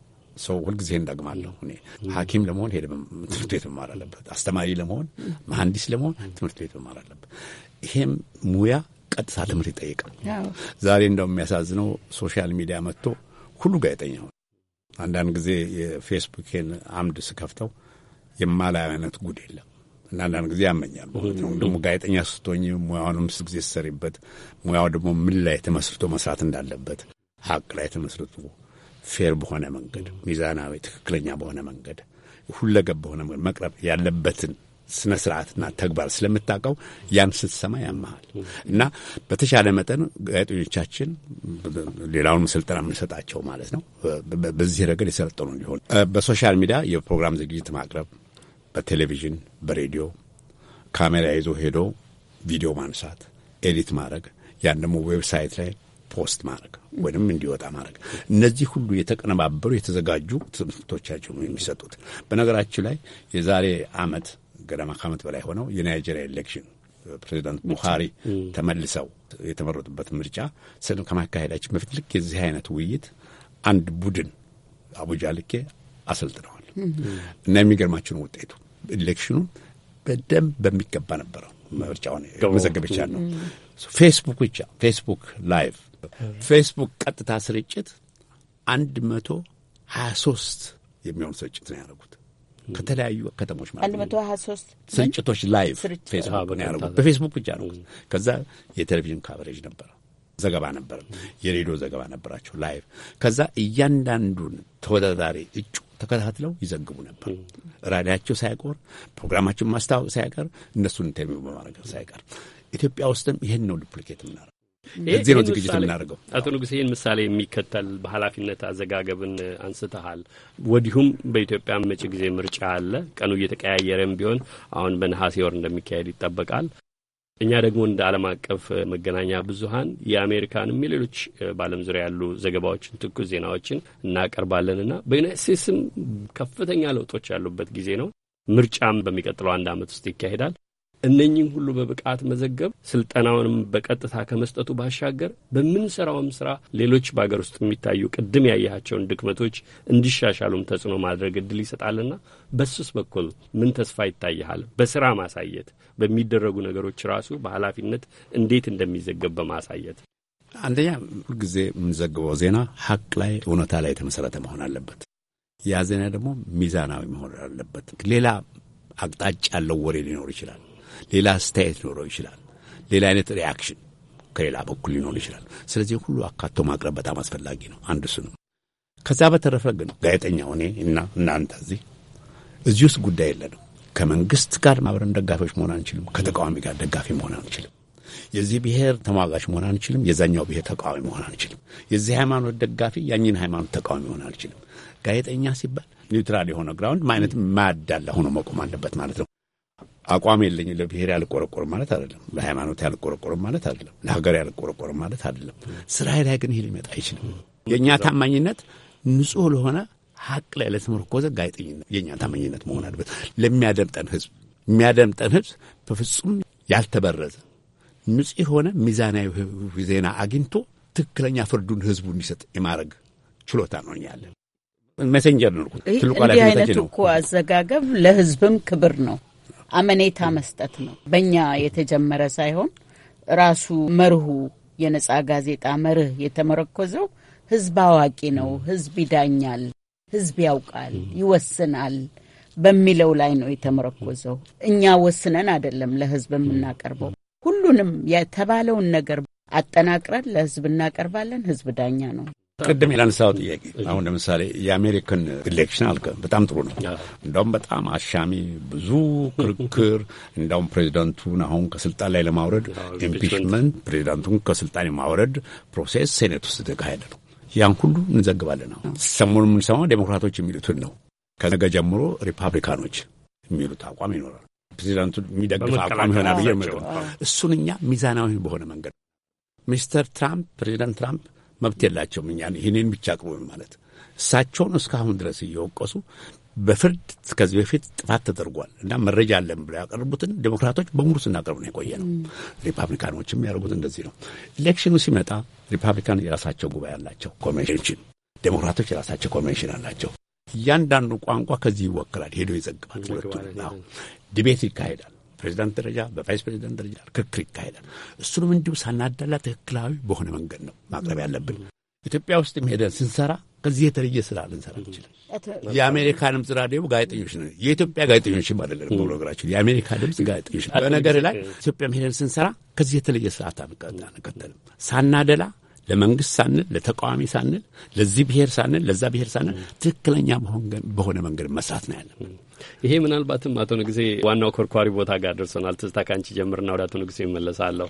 B: ሰው ሁልጊዜ እንደግማለሁ እኔ ሐኪም ለመሆን ሄደ ትምህርት ቤት መማር አለበት። አስተማሪ ለመሆን መሐንዲስ ለመሆን ትምህርት ቤት መማር አለበት። ይሄም ሙያ ቀጥታ ትምህርት ይጠይቃል። ዛሬ እንደው የሚያሳዝነው ሶሻል ሚዲያ መጥቶ ሁሉ ጋዜጠኛ ሆነ። አንዳንድ ጊዜ የፌስቡኬን አምድ ስከፍተው የማላየው አይነት ጉድ የለም አንዳንድ ጊዜ ያመኛል ማለት ነው። ደግሞ ጋዜጠኛ ስቶኝ ሙያውንም ስ ጊዜ ሰሪበት ሙያው ደግሞ ምን ላይ ተመስርቶ መስራት እንዳለበት ሀቅ ላይ ተመስርቶ ፌር በሆነ መንገድ ሚዛናዊ፣ ትክክለኛ በሆነ መንገድ ሁለገብ በሆነ መንገድ መቅረብ ያለበትን ስነ ስርዓትና ተግባር ስለምታውቀው ያን ስትሰማ ያመሃል እና በተሻለ መጠን ጋዜጠኞቻችን ሌላውን ስልጠና የምንሰጣቸው ማለት ነው በዚህ ረገድ የሰለጠኑ ሊሆን በሶሻል ሚዲያ የፕሮግራም ዝግጅት ማቅረብ በቴሌቪዥን በሬዲዮ ካሜራ ይዞ ሄዶ ቪዲዮ ማንሳት፣ ኤዲት ማድረግ፣ ያን ደግሞ ዌብሳይት ላይ ፖስት ማድረግ ወይም እንዲወጣ ማድረግ፣ እነዚህ ሁሉ የተቀነባበሩ የተዘጋጁ ትምህርቶቻቸው የሚሰጡት። በነገራችን ላይ የዛሬ አመት ገደማ ከዓመት በላይ ሆነው የናይጄሪያ ኤሌክሽን ፕሬዚዳንት ቡሃሪ ተመልሰው የተመረጡበት ምርጫ ስል ከማካሄዳችን በፊት ልክ የዚህ አይነት ውይይት አንድ ቡድን አቡጃ ልኬ አሰልጥነዋል እና የሚገርማችሁን ውጤቱ ኢሌክሽኑ በደንብ በሚገባ ነበረው። ምርጫውን መዘገብ ነው። ፌስቡክ ብቻ ፌስቡክ ላይቭ፣ ፌስቡክ ቀጥታ ስርጭት አንድ መቶ ሀያ ሶስት የሚሆኑ ስርጭት ነው ያደረጉት ከተለያዩ ከተሞች ማለት አንድ መቶ ሶስት ስርጭቶች ላይቭ ፌስቡክ ነው ያደረጉት። በፌስቡክ ብቻ ነው። ከዛ የቴሌቪዥን ካቨሬጅ ነበረ፣ ዘገባ ነበረ፣ የሬዲዮ ዘገባ ነበራቸው ላይቭ። ከዛ እያንዳንዱን ተወዳዳሪ እጩ ተከታትለው ይዘግቡ ነበር። ራዲያቸው ሳይቆር ፕሮግራማችን ማስታወቅ ሳይቀር እነሱን ኢንተርቪው በማድረግ ሳይቀር ኢትዮጵያ ውስጥም ይህን ነው ዱፕሊኬት የምናደርገው።
H: በዚህ
A: ነው ዝግጅት የምናደርገው። አቶ ንጉስ ይህን ምሳሌ የሚከተል በኃላፊነት አዘጋገብን አንስተሃል። ወዲሁም በኢትዮጵያ መጪ ጊዜ ምርጫ አለ። ቀኑ እየተቀያየረም ቢሆን አሁን በነሐሴ ወር እንደሚካሄድ ይጠበቃል። እኛ ደግሞ እንደ ዓለም አቀፍ መገናኛ ብዙኃን የአሜሪካንም የሌሎች በዓለም ዙሪያ ያሉ ዘገባዎችን፣ ትኩስ ዜናዎችን እናቀርባለንና በዩናይት ስቴትስም ከፍተኛ ለውጦች ያሉበት ጊዜ ነው። ምርጫም በሚቀጥለው አንድ ዓመት ውስጥ ይካሄዳል። እነኚህም ሁሉ በብቃት መዘገብ ስልጠናውንም በቀጥታ ከመስጠቱ ባሻገር በምንሰራውም ስራ ሌሎች በሀገር ውስጥ የሚታዩ ቅድም ያያቸውን ድክመቶች እንዲሻሻሉም ተጽዕኖ ማድረግ እድል ይሰጣልና በሱስ በኩል ምን ተስፋ ይታይሃል? በስራ ማሳየት በሚደረጉ ነገሮች ራሱ በኃላፊነት እንዴት እንደሚዘገብ በማሳየት
B: አንደኛ ሁልጊዜ የምንዘግበው ዜና ሀቅ ላይ እውነታ ላይ የተመሰረተ መሆን አለበት። ያ ዜና ደግሞ ሚዛናዊ መሆን አለበት። ሌላ አቅጣጫ ያለው ወሬ ሊኖር ይችላል። ሌላ አስተያየት ሊኖረው ይችላል። ሌላ አይነት ሪያክሽን ከሌላ በኩል ሊኖር ይችላል። ስለዚህ ሁሉ አካቶ ማቅረብ በጣም አስፈላጊ ነው። አንድ እሱ ነው። ከዛ በተረፈ ግን ጋዜጠኛ እኔ እና እናንተ እዚህ እዚህ ውስጥ ጉዳይ የለንም። ከመንግስት ጋር አብረን ደጋፊዎች መሆን አንችልም። ከተቃዋሚ ጋር ደጋፊ መሆን አንችልም። የዚህ ብሔር ተሟጋች መሆን አንችልም። የዛኛው ብሔር ተቃዋሚ መሆን አንችልም። የዚህ ሃይማኖት ደጋፊ ያኝን ሃይማኖት ተቃዋሚ መሆን አንችልም። ጋዜጠኛ ሲባል ኒውትራል የሆነ ግራውንድ ማይነት ማያዳላ ሆኖ መቆም አለበት ማለት ነው። አቋም የለኝም ለብሔር ያልቆረቆርም ማለት አይደለም። ለሃይማኖት ያልቆረቆርም ማለት አይደለም። ለሀገር ያልቆረቆርም ማለት አይደለም። ስራ ላይ ግን ይሄ ሊመጣ አይችልም። የእኛ ታማኝነት ንጹህ ለሆነ ሀቅ ላይ ለተመርኮዘ ጋዜጠኝነት የእኛ ታማኝነት መሆን አለበት። ለሚያደምጠን ህዝብ የሚያደምጠን ህዝብ በፍጹም ያልተበረዘ ንጹህ የሆነ ሚዛናዊ ዜና አግኝቶ ትክክለኛ ፍርዱን ህዝቡ እንዲሰጥ የማድረግ ችሎታ ነው ያለን። መሰንጀር ነው። ትልቁ ነው። እንዲህ አይነቱ
C: እኮ አዘጋገብ ለህዝብም ክብር ነው። አመኔታ መስጠት ነው። በእኛ የተጀመረ ሳይሆን ራሱ መርሁ የነጻ ጋዜጣ መርህ የተመረኮዘው ህዝብ አዋቂ ነው፣ ህዝብ ይዳኛል፣ ህዝብ ያውቃል፣ ይወስናል በሚለው ላይ ነው የተመረኮዘው። እኛ ወስነን አይደለም ለህዝብ የምናቀርበው። ሁሉንም የተባለውን ነገር አጠናቅረን ለህዝብ እናቀርባለን። ህዝብ ዳኛ ነው።
B: ቅድም የላነሳው ጥያቄ አሁን ለምሳሌ የአሜሪካን ኢሌክሽን አልከ፣ በጣም ጥሩ ነው። እንደውም በጣም አሻሚ፣ ብዙ ክርክር፣ እንደውም ፕሬዚዳንቱን አሁን ከስልጣን ላይ ለማውረድ ኢምፒችመንት፣ ፕሬዚዳንቱን ከስልጣን የማውረድ ፕሮሴስ ሴኔት ውስጥ የተካሄደ ነው። ያን ሁሉ እንዘግባለን። ነው ሰሞኑን የምንሰማው ዴሞክራቶች የሚሉትን ነው። ከነገ ጀምሮ ሪፐብሊካኖች የሚሉት አቋም ይኖራል። ፕሬዚዳንቱ የሚደግፍ አቋም ይሆናል ብዬ እሱን እኛ ሚዛናዊ በሆነ መንገድ ሚስተር ትራምፕ ፕሬዚዳንት ትራምፕ መብት የላቸውም። እኛ ይህንን ብቻ አቅርቡን ማለት እሳቸውን እስካሁን ድረስ እየወቀሱ በፍርድ ከዚህ በፊት ጥፋት ተደርጓል እና መረጃ አለን ብለው ያቀርቡትን ዴሞክራቶች በሙሉ ስናቀርብ ነው የቆየ ነው። ሪፐብሊካኖችም ያደርጉት እንደዚህ ነው። ኢሌክሽኑ ሲመጣ ሪፐብሊካን የራሳቸው ጉባኤ አላቸው ኮንቬንሽን፣ ዴሞክራቶች የራሳቸው ኮንቬንሽን አላቸው። እያንዳንዱ ቋንቋ ከዚህ ይወክላል ሄዶ ይዘግባል። ሁለቱ ዲቤት ይካሄዳል። በፕሬዚዳንት ደረጃ በቫይስ ፕሬዚዳንት ደረጃ ክርክር ይካሄዳል። እሱንም እንዲሁ ሳናደላ ትክክላዊ በሆነ መንገድ ነው ማቅረብ ያለብን። ኢትዮጵያ ውስጥ ሄደን ስንሰራ ከዚህ የተለየ ስራ ልንሰራ እንችላል። የአሜሪካ ድምፅ ራዲዮ ጋዜጠኞች ነው፣ የኢትዮጵያ ጋዜጠኞች አይደለም። በነገራችን የአሜሪካ ድምፅ ጋዜጠኞች በነገር ላይ ኢትዮጵያ ሄደን ስንሰራ ከዚህ የተለየ ስርዓት አንቀጠልም። ሳናደላ ለመንግስት ሳንል፣ ለተቃዋሚ ሳንል፣ ለዚህ ብሔር ሳንል፣ ለዛ ብሔር ሳንል ትክክለኛ በሆነ መንገድ መስራት ነው ያለብን።
A: ይሄ ምናልባትም አቶ ንጉሴ ዋናው ኮርኳሪ ቦታ ጋር ደርሶናል። ትዝታ ከአንቺ ጀምርና ወደ አቶ ንጉሴ ይመለሳለሁ።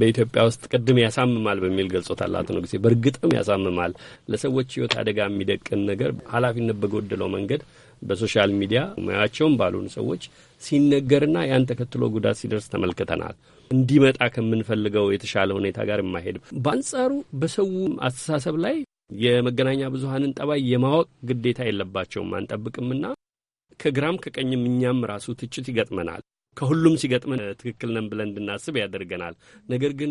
A: በኢትዮጵያ ውስጥ ቅድም ያሳምማል በሚል ገልጾታል አቶ ንጉሴ። በእርግጥም ያሳምማል። ለሰዎች ሕይወት አደጋ የሚደቅን ነገር ኃላፊነት በጎደለው መንገድ በሶሻል ሚዲያ ሙያቸውም ባልሆኑ ሰዎች ሲነገርና ያን ተከትሎ ጉዳት ሲደርስ ተመልክተናል። እንዲመጣ ከምንፈልገው የተሻለ ሁኔታ ጋር የማይሄድ በአንጻሩ በሰው አስተሳሰብ ላይ የመገናኛ ብዙኃንን ጠባይ የማወቅ ግዴታ የለባቸውም አንጠብቅምና ከግራም ከቀኝም እኛም ራሱ ትችት ይገጥመናል። ከሁሉም ሲገጥመን ትክክል ነን ብለን እንድናስብ ያደርገናል። ነገር ግን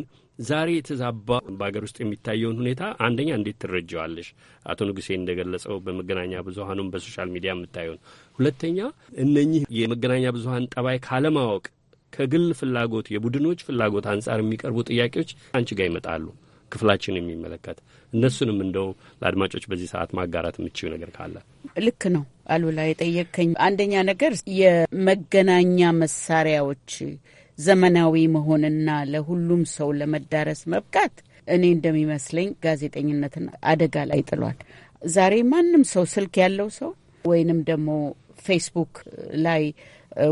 A: ዛሬ የተዛባ በሀገር ውስጥ የሚታየውን ሁኔታ አንደኛ እንዴት ትረጀዋለሽ? አቶ ንጉሴ እንደገለጸው በመገናኛ ብዙሀኑም በሶሻል ሚዲያ የምታየውን፣ ሁለተኛ እነኚህ የመገናኛ ብዙሀን ጠባይ ካለማወቅ ከግል ፍላጎት የቡድኖች ፍላጎት አንጻር የሚቀርቡ ጥያቄዎች አንቺ ጋር ይመጣሉ። ክፍላችን የሚመለከት እነሱንም እንደው ለአድማጮች በዚህ ሰዓት ማጋራት የምችው ነገር ካለ
C: ልክ ነው። አሉላ የጠየቀኝ አንደኛ ነገር የመገናኛ መሳሪያዎች ዘመናዊ መሆንና ለሁሉም ሰው ለመዳረስ መብቃት እኔ እንደሚመስለኝ ጋዜጠኝነትን አደጋ ላይ ጥሏል። ዛሬ ማንም ሰው ስልክ ያለው ሰው ወይንም ደግሞ ፌስቡክ ላይ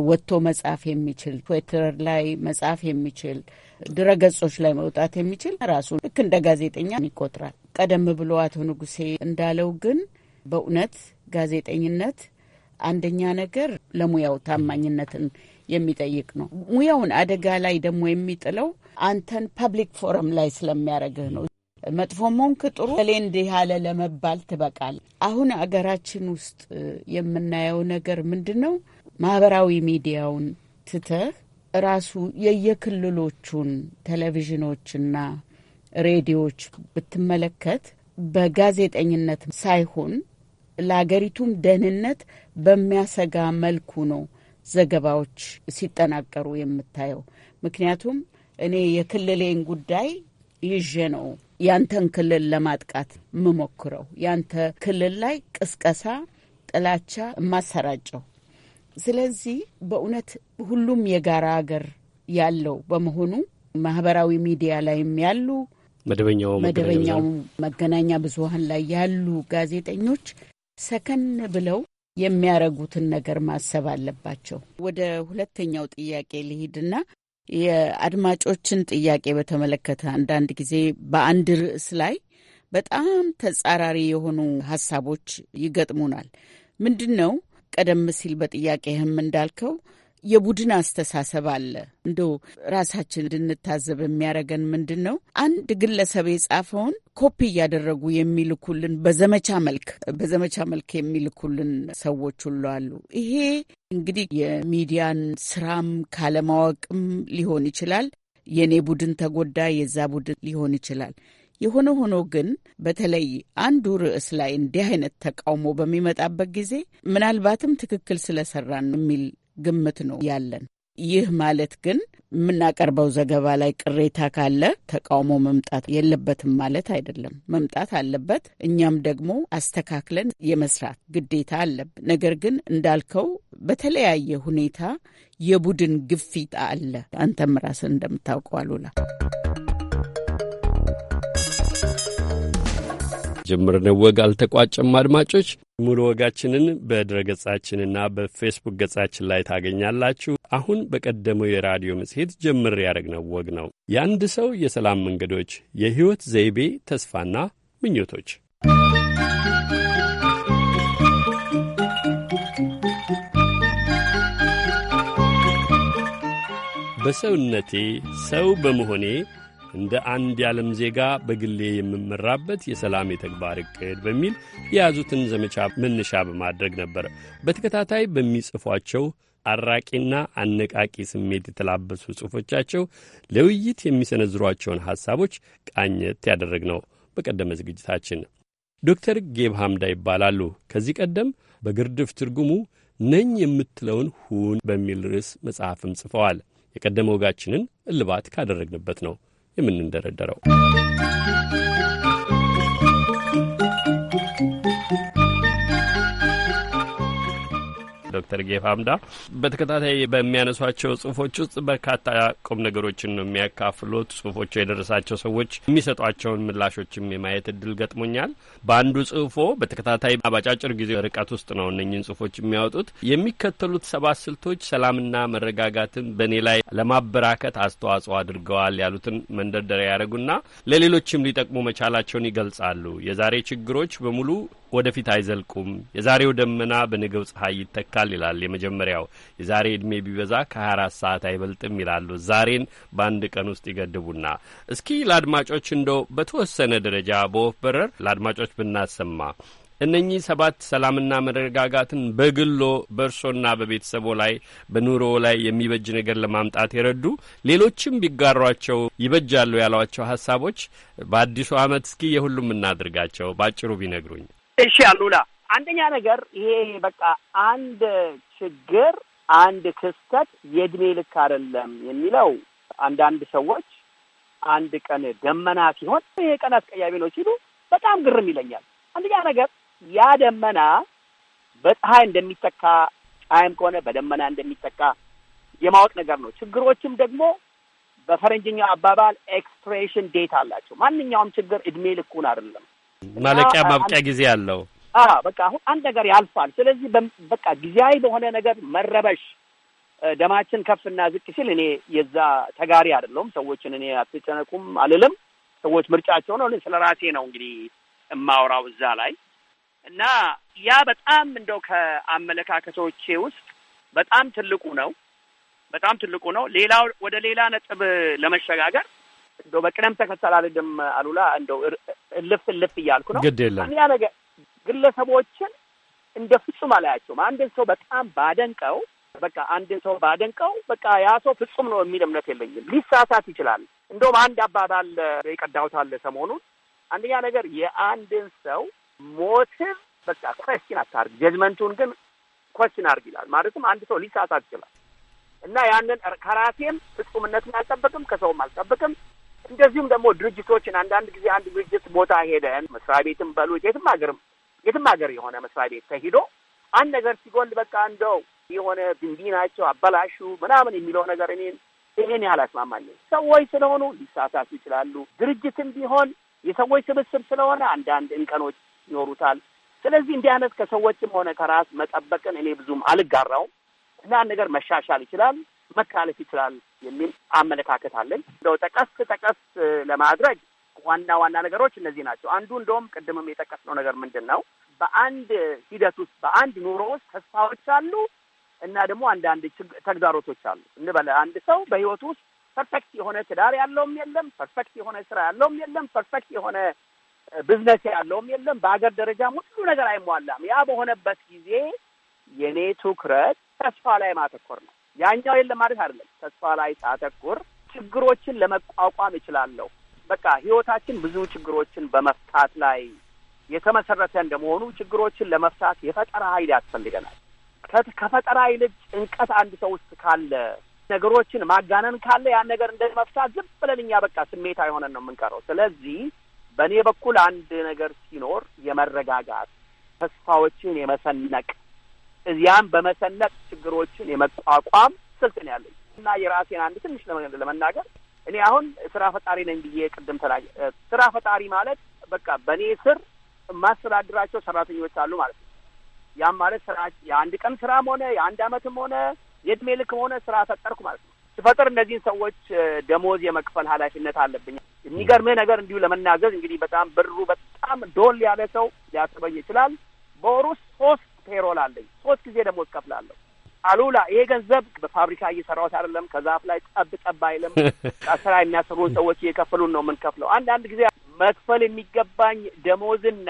C: ወጥቶ መጻፍ የሚችል ትዊተር ላይ መጻፍ የሚችል ድረገጾች ላይ መውጣት የሚችል ራሱ ልክ እንደ ጋዜጠኛ ይቆጥራል። ቀደም ብሎ አቶ ንጉሴ እንዳለው ግን በእውነት ጋዜጠኝነት አንደኛ ነገር ለሙያው ታማኝነትን የሚጠይቅ ነው። ሙያውን አደጋ ላይ ደግሞ የሚጥለው አንተን ፐብሊክ ፎረም ላይ ስለሚያደርግህ ነው። መጥፎ ሆንክ ጥሩ ሌ እንዲህ ያለ ለመባል ትበቃል። አሁን አገራችን ውስጥ የምናየው ነገር ምንድን ነው? ማህበራዊ ሚዲያውን ትተህ ራሱ የየክልሎቹን ቴሌቪዥኖችና ሬዲዮዎች ብትመለከት በጋዜጠኝነት ሳይሆን ለአገሪቱም ደህንነት በሚያሰጋ መልኩ ነው ዘገባዎች ሲጠናቀሩ የምታየው። ምክንያቱም እኔ የክልሌን ጉዳይ ይዤ ነው ያንተን ክልል ለማጥቃት የምሞክረው። ያንተ ክልል ላይ ቅስቀሳ፣ ጥላቻ የማሰራጨው። ስለዚህ በእውነት ሁሉም የጋራ ሀገር ያለው በመሆኑ ማህበራዊ ሚዲያ ላይም ያሉ
A: መደበኛው
C: መገናኛ ብዙኃን ላይ ያሉ ጋዜጠኞች ሰከን ብለው የሚያረጉትን ነገር ማሰብ አለባቸው። ወደ ሁለተኛው ጥያቄ ልሂድና የአድማጮችን ጥያቄ በተመለከተ አንዳንድ ጊዜ በአንድ ርዕስ ላይ በጣም ተጻራሪ የሆኑ ሀሳቦች ይገጥሙናል። ምንድን ነው ቀደም ሲል በጥያቄህም እንዳልከው የቡድን አስተሳሰብ አለ። እንዶ ራሳችን እንድንታዘብ የሚያደርገን ምንድን ነው? አንድ ግለሰብ የጻፈውን ኮፒ እያደረጉ የሚልኩልን በዘመቻ መልክ በዘመቻ መልክ የሚልኩልን ሰዎች ሁሉ አሉ። ይሄ እንግዲህ የሚዲያን ስራም ካለማወቅም ሊሆን ይችላል። የእኔ ቡድን ተጎዳ፣ የዛ ቡድን ሊሆን ይችላል። የሆነ ሆኖ ግን በተለይ አንዱ ርዕስ ላይ እንዲህ አይነት ተቃውሞ በሚመጣበት ጊዜ ምናልባትም ትክክል ስለሰራን የሚል ግምት ነው ያለን። ይህ ማለት ግን የምናቀርበው ዘገባ ላይ ቅሬታ ካለ ተቃውሞ መምጣት የለበትም ማለት አይደለም። መምጣት አለበት። እኛም ደግሞ አስተካክለን የመስራት ግዴታ አለብን። ነገር ግን እንዳልከው በተለያየ ሁኔታ የቡድን ግፊት አለ። አንተም ራስን እንደምታውቀው አሉላ
A: የጀመርነው ወግ አልተቋጨም። አድማጮች ሙሉ ወጋችንን ገጻችንና በፌስቡክ ገጻችን ላይ ታገኛላችሁ። አሁን በቀደመው የራዲዮ መጽሔት ጀምር ያደረግነው ወግ ነው የአንድ ሰው የሰላም መንገዶች፣ የሕይወት ዘይቤ፣ ተስፋና ምኞቶች በሰውነቴ ሰው በመሆኔ እንደ አንድ የዓለም ዜጋ በግሌ የምመራበት የሰላም የተግባር እቅድ በሚል የያዙትን ዘመቻ መነሻ በማድረግ ነበር። በተከታታይ በሚጽፏቸው አራቂና አነቃቂ ስሜት የተላበሱ ጽሑፎቻቸው ለውይይት የሚሰነዝሯቸውን ሐሳቦች ቃኘት ያደረግ ነው። በቀደመ ዝግጅታችን ዶክተር ጌብ ሐምዳ ይባላሉ። ከዚህ ቀደም በግርድፍ ትርጉሙ ነኝ የምትለውን ሁን በሚል ርዕስ መጽሐፍም ጽፈዋል። የቀደመ ወጋችንን እልባት ካደረግንበት ነው። የምንደረደረው። ዶክተር ጌፍ አምዳ በተከታታይ በሚያነሷቸው ጽሁፎች ውስጥ በርካታ ቁም ነገሮችን ነው የሚያካፍሉት። ጽሁፎቹ የደረሳቸው ሰዎች የሚሰጧቸውን ምላሾችም የማየት እድል ገጥሞኛል። በአንዱ ጽሁፎ በተከታታይ በአጫጭር ጊዜ ርቀት ውስጥ ነው እነኝን ጽሁፎች የሚያወጡት። የሚከተሉት ሰባት ስልቶች ሰላምና መረጋጋትን በእኔ ላይ ለማበራከት አስተዋጽኦ አድርገዋል ያሉትን መንደርደሪያ ያደረጉና ለሌሎችም ሊጠቅሙ መቻላቸውን ይገልጻሉ። የዛሬ ችግሮች በሙሉ ወደፊት አይዘልቁም። የዛሬው ደመና በንገብ ፀሐይ ይተካል ይበልጣል ይላል የመጀመሪያው። የዛሬ ዕድሜ ቢበዛ ከ24 ሰዓት አይበልጥም ይላሉ። ዛሬን በአንድ ቀን ውስጥ ይገድቡና እስኪ ለአድማጮች እንደው በተወሰነ ደረጃ በወፍ በረር ለአድማጮች ብናሰማ እነኚህ ሰባት ሰላምና መረጋጋትን በግሎ በእርሶና በቤተሰቦ ላይ በኑሮ ላይ የሚበጅ ነገር ለማምጣት የረዱ ሌሎችም ቢጋሯቸው ይበጃሉ ያሏቸው ሀሳቦች በአዲሱ ዓመት እስኪ የሁሉም እናድርጋቸው በአጭሩ ቢነግሩኝ።
H: እሺ አሉላ፣ አንደኛ ነገር ይሄ በቃ አንድ ችግር አንድ ክስተት የእድሜ ልክ አይደለም የሚለው አንዳንድ ሰዎች አንድ ቀን ደመና ሲሆን ይሄ ቀን አስቀያሚ ነው ሲሉ በጣም ግርም ይለኛል። አንደኛ ነገር ያ ደመና በፀሐይ እንደሚተካ ፀሐይም ከሆነ በደመና እንደሚተካ የማወቅ ነገር ነው። ችግሮችም ደግሞ በፈረንጅኛው አባባል ኤክስፕሬሽን ዴት አላቸው። ማንኛውም ችግር እድሜ ልኩን አይደለም፣ ማለቂያ ማብቂያ ጊዜ አለው። በቃ አሁን አንድ ነገር ያልፋል። ስለዚህ በቃ ጊዜያዊ በሆነ ነገር መረበሽ ደማችን ከፍና ዝቅ ሲል እኔ የዛ ተጋሪ አይደለሁም። ሰዎችን እኔ አትጨነቁም አልልም። ሰዎች ምርጫቸው ነው። ስለ ራሴ ነው እንግዲህ እማወራው እዛ ላይ እና ያ በጣም እንደው ከአመለካከቶቼ ውስጥ በጣም ትልቁ ነው። በጣም ትልቁ ነው። ሌላው ወደ ሌላ ነጥብ ለመሸጋገር እንደው በቅደም ተከተል አልድም አሉላ እንደው እልፍ እልፍ እያልኩ ነው። ግድ የለም ግለሰቦችን እንደ ፍጹም አላያቸውም። አንድን ሰው በጣም ባደንቀው በቃ አንድን ሰው ባደንቀው በቃ ያ ሰው ፍጹም ነው የሚል እምነት የለኝም። ሊሳሳት ይችላል። እንደውም አንድ አባባል የቀዳሁታል ሰሞኑን። አንደኛ ነገር የአንድን ሰው ሞትም በቃ ኮስችን አታርግ፣ ጀጅመንቱን ግን ኮስችን አርግ ይላል። ማለትም አንድ ሰው ሊሳሳት ይችላል እና ያንን ከራሴም ፍጹምነትን አልጠብቅም፣ ከሰውም አልጠብቅም። እንደዚሁም ደግሞ ድርጅቶችን አንዳንድ ጊዜ አንድ ድርጅት ቦታ ሄደን መስሪያ ቤትም በሉ የትም አገርም የትም ሀገር የሆነ መስሪያ ቤት ተሂዶ አንድ ነገር ሲጎል በቃ እንደው የሆነ ግንቢ ናቸው አበላሹ ምናምን የሚለው ነገር እኔን ይህን ያህል አስማማኝ። ሰዎች ስለሆኑ ሊሳሳቱ ይችላሉ። ድርጅትም ቢሆን የሰዎች ስብስብ ስለሆነ አንዳንድ እንከኖች ይኖሩታል። ስለዚህ እንዲህ አይነት ከሰዎችም ሆነ ከራስ መጠበቅን እኔ ብዙም አልጋራውም እና አንድ ነገር መሻሻል ይችላል መካለፍ ይችላል የሚል አመለካከት አለኝ። እንደው ጠቀስ ጠቀስ ለማድረግ ዋና ዋና ነገሮች እነዚህ ናቸው። አንዱ እንደውም ቅድምም የጠቀስነው ነገር ምንድን ነው፣ በአንድ ሂደት ውስጥ በአንድ ኑሮ ውስጥ ተስፋዎች አሉ እና ደግሞ አንዳንድ ተግዳሮቶች አሉ እንበለ አንድ ሰው በህይወቱ ውስጥ ፐርፌክት የሆነ ትዳር ያለውም የለም፣ ፐርፌክት የሆነ ስራ ያለውም የለም፣ ፐርፌክት የሆነ ብዝነስ ያለውም የለም። በሀገር ደረጃም ሁሉ ነገር አይሟላም። ያ በሆነበት ጊዜ የኔ ትኩረት ተስፋ ላይ ማተኮር ነው። ያኛው የለም ማለት አይደለም። ተስፋ ላይ ሳተኩር ችግሮችን ለመቋቋም እችላለሁ በቃ ህይወታችን ብዙ ችግሮችን በመፍታት ላይ የተመሰረተ እንደመሆኑ ችግሮችን ለመፍታት የፈጠራ ኃይል ያስፈልገናል። ከፈጠራ ይልቅ ጭንቀት አንድ ሰው ውስጥ ካለ ነገሮችን ማጋነን ካለ ያን ነገር እንደ መፍታት ዝም ብለን እኛ በቃ ስሜት አይሆነን ነው የምንቀረው። ስለዚህ በእኔ በኩል አንድ ነገር ሲኖር የመረጋጋት ተስፋዎችን የመሰነቅ እዚያም በመሰነቅ ችግሮችን የመቋቋም ስልት ነው ያለኝ እና የራሴን አንድ ትንሽ ለመናገር እኔ አሁን ስራ ፈጣሪ ነኝ ብዬ ቅድም ተላ ስራ ፈጣሪ ማለት በቃ በእኔ ስር የማስተዳድራቸው ሰራተኞች አሉ ማለት ነው። ያም ማለት ስራ የአንድ ቀን ስራም ሆነ የአንድ አመትም ሆነ የእድሜ ልክም ሆነ ስራ ፈጠርኩ ማለት ነው። ስፈጥር እነዚህን ሰዎች ደሞዝ የመክፈል ኃላፊነት አለብኝ። የሚገርምህ ነገር እንዲሁ ለመናዘዝ እንግዲህ በጣም ብሩ በጣም ዶል ያለ ሰው ሊያስበኝ ይችላል። በወር ውስጥ ሶስት ፔሮል አለኝ። ሶስት ጊዜ ደሞዝ ከፍላለሁ። አሉላ ይሄ ገንዘብ በፋብሪካ እየሰራሁት አይደለም። ከዛፍ ላይ ጠብ ጠብ አይልም። ስራ የሚያሰሩን ሰዎች እየከፈሉን ነው የምንከፍለው። አንዳንድ ጊዜ መክፈል የሚገባኝ ደሞዝና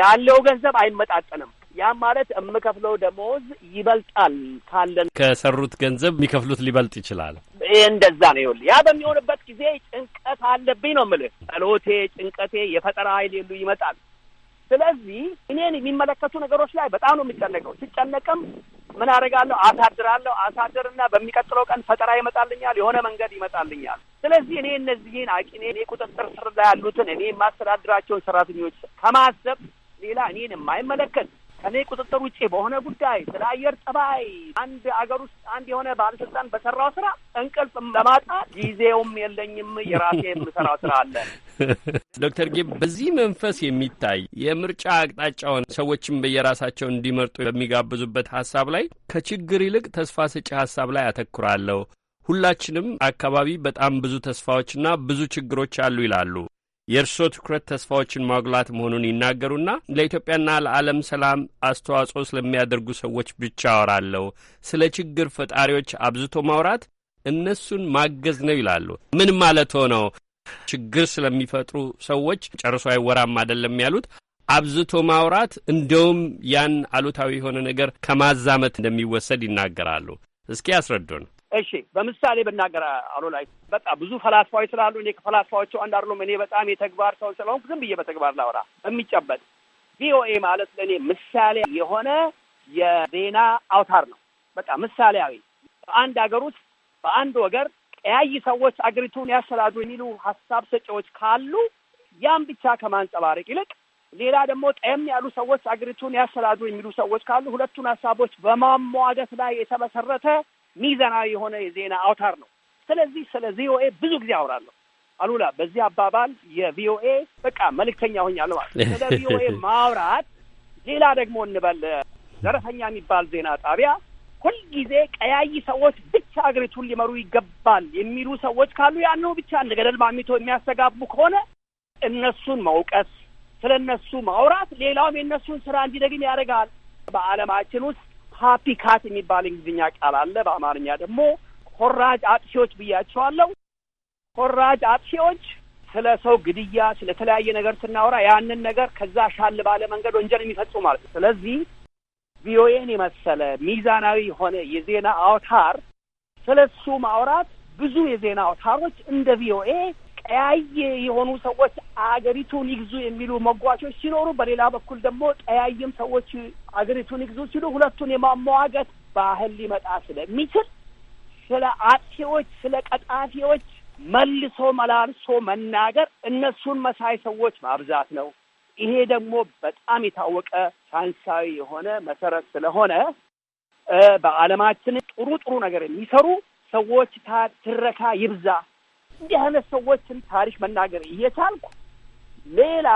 H: ያለው ገንዘብ አይመጣጠንም። ያም ማለት የምከፍለው ደሞዝ ይበልጣል ካለን
A: ከሰሩት ገንዘብ የሚከፍሉት ሊበልጥ ይችላል።
H: ይህ እንደዛ ነው። ይኸውልህ ያ በሚሆንበት ጊዜ ጭንቀት አለብኝ ነው የምልህ። ጸሎቴ፣ ጭንቀቴ፣ የፈጠራ ኃይል የሉ ይመጣል። ስለዚህ እኔን የሚመለከቱ ነገሮች ላይ በጣም ነው የሚጨነቀው። ሲጨነቅም ምን አደርጋለሁ? አሳድራለሁ። አሳድርና በሚቀጥለው ቀን ፈጠራ ይመጣልኛል፣ የሆነ መንገድ ይመጣልኛል። ስለዚህ እኔ እነዚህን አቂኔ እኔ ቁጥጥር ስር ላይ ያሉትን እኔ የማስተዳድራቸውን ሰራተኞች ከማሰብ ሌላ እኔን የማይመለከት ከኔ ቁጥጥር ውጭ በሆነ ጉዳይ ስለ አየር ጠባይ አንድ አገር ውስጥ አንድ የሆነ ባለስልጣን በሰራው ስራ እንቅልፍ ለማጣት ጊዜውም የለኝም። የራሴ የምሰራው ስራ አለ።
A: ዶክተር ጌብ በዚህ መንፈስ የሚታይ የምርጫ አቅጣጫውን ሰዎችም በየራሳቸው እንዲመርጡ በሚጋብዙበት ሀሳብ ላይ ከችግር ይልቅ ተስፋ ሰጪ ሀሳብ ላይ አተኩራለሁ። ሁላችንም አካባቢ በጣም ብዙ ተስፋዎችና ብዙ ችግሮች አሉ ይላሉ። የእርስዎ ትኩረት ተስፋዎችን ማጉላት መሆኑን ይናገሩና ለኢትዮጵያና ለዓለም ሰላም አስተዋጽኦ ስለሚያደርጉ ሰዎች ብቻ አወራለሁ፣ ስለ ችግር ፈጣሪዎች አብዝቶ ማውራት እነሱን ማገዝ ነው ይላሉ። ምን ማለት ሆነው? ችግር ስለሚፈጥሩ ሰዎች ጨርሶ አይወራም አይደለም ያሉት አብዝቶ ማውራት እንደውም ያን አሉታዊ የሆነ ነገር ከማዛመት እንደሚወሰድ ይናገራሉ። እስኪ አስረዱን።
H: እሺ በምሳሌ በናገር አሎ ላይ በጣም ብዙ ፈላስፋዎች ስላሉ እኔ ከፈላስፋዎቹ አንድ አይደለሁም። እኔ በጣም የተግባር ሰው ስለሆንኩ ዝም ብዬ በተግባር ላውራ። የሚጨበጥ ቪኦኤ ማለት ለእኔ ምሳሌ የሆነ የዜና አውታር ነው። በጣም ምሳሌያዊ በአንድ ሀገር ውስጥ በአንድ ወገር ቀያይ ሰዎች አገሪቱን ያስተዳዱ የሚሉ ሀሳብ ሰጪዎች ካሉ ያም ብቻ ከማንጸባረቅ ይልቅ ሌላ ደግሞ ጠየም ያሉ ሰዎች አገሪቱን ያስተዳዱ የሚሉ ሰዎች ካሉ ሁለቱን ሀሳቦች በማሟገት ላይ የተመሰረተ ሚዛናዊ የሆነ የዜና አውታር ነው። ስለዚህ ስለ ቪኦኤ ብዙ ጊዜ አውራለሁ። አሉላ በዚህ አባባል የቪኦኤ በቃ መልእክተኛ ሆኛለሁ
I: ማለት ስለ ቪኦኤ
H: ማውራት። ሌላ ደግሞ እንበል ዘረፈኛ የሚባል ዜና ጣቢያ ሁልጊዜ ቀያይ ሰዎች ብቻ አገሪቱን ሊመሩ ይገባል የሚሉ ሰዎች ካሉ ያንኑ ብቻ እንደ ገደል ማሚቶ የሚያስተጋቡ ከሆነ እነሱን መውቀስ፣ ስለ እነሱ ማውራት ሌላውም የእነሱን ስራ እንዲደግም ያደርጋል። በዓለማችን ውስጥ ፓፒ ካት የሚባል እንግሊዝኛ ቃል አለ። በአማርኛ ደግሞ ኮራጅ አጥፊዎች ብያቸዋለሁ። ኮራጅ አጥፊዎች ስለ ሰው ግድያ፣ ስለ ተለያየ ነገር ስናወራ ያንን ነገር ከዛ ሻል ባለ መንገድ ወንጀል የሚፈጽሙ ማለት ነው። ስለዚህ ቪኦኤን የመሰለ ሚዛናዊ የሆነ የዜና አውታር ስለ እሱ ማውራት ብዙ የዜና አውታሮች እንደ ቪኦኤ ጠያየ የሆኑ ሰዎች አገሪቱን ይግዙ የሚሉ መጓቾች ሲኖሩ፣ በሌላ በኩል ደግሞ ጠያይም ሰዎች አገሪቱን ይግዙ ሲሉ ሁለቱን የማሟገት ባህል ሊመጣ ስለሚችል ስለ አጥፊዎች፣ ስለ ቀጣፊዎች መልሶ መላልሶ መናገር እነሱን መሳይ ሰዎች ማብዛት ነው። ይሄ ደግሞ በጣም የታወቀ ሳይንሳዊ የሆነ መሰረት ስለሆነ በዓለማችን ጥሩ ጥሩ ነገር የሚሰሩ ሰዎች ትረካ ይብዛ እንዲህ አይነት ሰዎችን ታሪክ መናገር እየቻልኩ ሌላ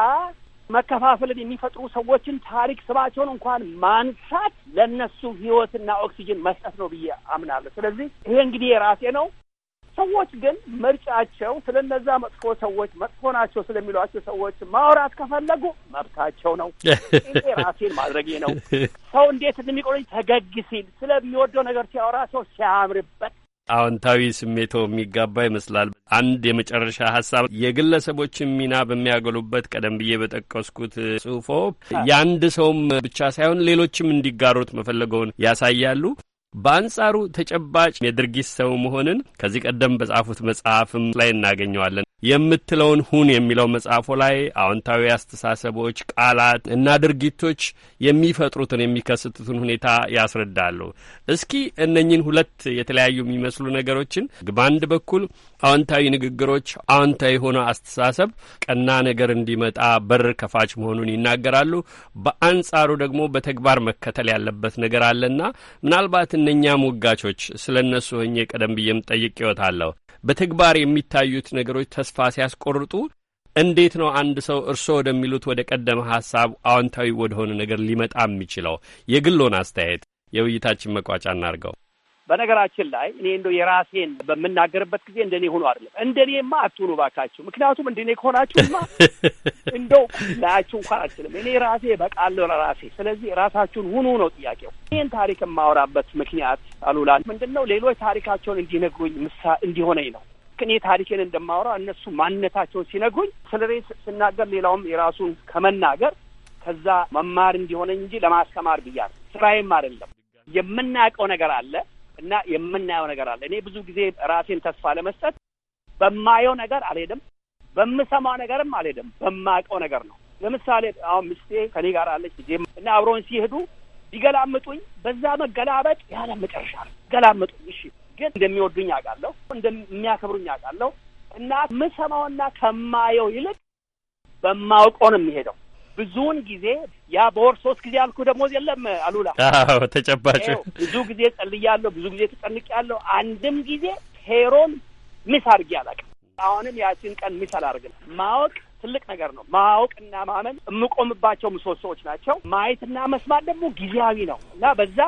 H: መከፋፈልን የሚፈጥሩ ሰዎችን ታሪክ ስማቸውን እንኳን ማንሳት ለእነሱ ህይወትና ኦክሲጅን መስጠት ነው ብዬ አምናለሁ። ስለዚህ ይሄ እንግዲህ የራሴ ነው። ሰዎች ግን ምርጫቸው ስለነዛ መጥፎ ሰዎች መጥፎ ናቸው ስለሚሏቸው ሰዎች ማውራት ከፈለጉ መብታቸው ነው። ራሴን ማድረጌ ነው። ሰው እንዴት እንደሚቆረኝ ተገግ ሲል ስለሚወደው ነገር ሲያወራ ሰው ሲያምርበት
A: አዎንታዊ ስሜቶ የሚጋባ ይመስላል። አንድ የመጨረሻ ሀሳብ የግለሰቦችን ሚና በሚያገሉበት ቀደም ብዬ በጠቀስኩት ጽሁፎ የአንድ ሰውም ብቻ ሳይሆን ሌሎችም እንዲጋሩት መፈለገውን ያሳያሉ። በአንጻሩ ተጨባጭ የድርጊት ሰው መሆንን ከዚህ ቀደም በጻፉት መጽሐፍም ላይ እናገኘዋለን። የምትለውን ሁን የሚለው መጽሐፎ ላይ አዎንታዊ አስተሳሰቦች፣ ቃላት እና ድርጊቶች የሚፈጥሩትን የሚከሰቱትን ሁኔታ ያስረዳሉ። እስኪ እነኝን ሁለት የተለያዩ የሚመስሉ ነገሮችን በአንድ በኩል አዎንታዊ ንግግሮች፣ አዎንታዊ የሆነ አስተሳሰብ ቀና ነገር እንዲመጣ በር ከፋች መሆኑን ይናገራሉ። በአንጻሩ ደግሞ በተግባር መከተል ያለበት ነገር አለና ምናልባት እነኛ ሞጋቾች ስለ እነሱ ሆኜ ቀደም ብዬም ጠይቅ ይወታለሁ በተግባር የሚታዩት ነገሮች ተስፋ ሲያስቆርጡ እንዴት ነው አንድ ሰው እርስዎ ወደሚሉት ወደ ቀደመ ሐሳብ አዎንታዊ ወደሆነ ነገር ሊመጣ የሚችለው? የግሎን አስተያየት የውይይታችን መቋጫ እናርገው።
H: በነገራችን ላይ እኔ እንደው የራሴን በምናገርበት ጊዜ እንደኔ ሆኖ አይደለም። እንደኔማ አትሆኑ ባካችሁ። ምክንያቱም እንደኔ ከሆናችሁማ እንደው ላያችሁ እንኳን አልችልም። እኔ ራሴ በቃለሁ ለራሴ። ስለዚህ ራሳችሁን ሁኑ ነው ጥያቄው። ይህን ታሪክ የማወራበት ምክንያት አሉላ ምንድን ነው፣ ሌሎች ታሪካቸውን እንዲነግሩኝ ምሳ እንዲሆነኝ ነው። እኔ ታሪኬን እንደማወራ እነሱ ማንነታቸውን ሲነግሩኝ ስለ እኔ ስናገር ሌላውም የራሱን ከመናገር ከዛ መማር እንዲሆነኝ እንጂ ለማስተማር ብያለሁ። ስራዬም አይደለም። የምናውቀው ነገር አለ እና የምናየው ነገር አለ። እኔ ብዙ ጊዜ ራሴን ተስፋ ለመስጠት በማየው ነገር አልሄድም፣ በምሰማው ነገርም አልሄድም፣ በማውቀው ነገር ነው። ለምሳሌ አሁን ምስቴ ከኔ ጋር አለች ጊዜ እና አብሮን ሲሄዱ ቢገላምጡኝ በዛ መገላበጥ ያለ መጨረሻ ነው። ገላምጡኝ፣ እሺ ግን እንደሚወዱኝ አውቃለሁ፣ እንደሚያከብሩኝ አውቃለሁ እና ምሰማውና ከማየው ይልቅ በማውቀው ነው የሚሄደው። ብዙውን ጊዜ ያ በወር ሶስት ጊዜ አልኩ ደሞዝ የለም አሉላ። አዎ ተጨባጭ ብዙ ጊዜ ጸልያለሁ፣ ብዙ ጊዜ ተጨንቄያለሁ። አንድም ጊዜ ሄሮን ሚስ አድርጌ አላውቅም። አሁንም ያችን ቀን ሚስ አላደርግም። ማወቅ ትልቅ ነገር ነው። ማወቅና ማመን የምቆምባቸው ምሰሶዎች ናቸው። ማየትና መስማት ደግሞ ጊዜያዊ ነው እና በዛ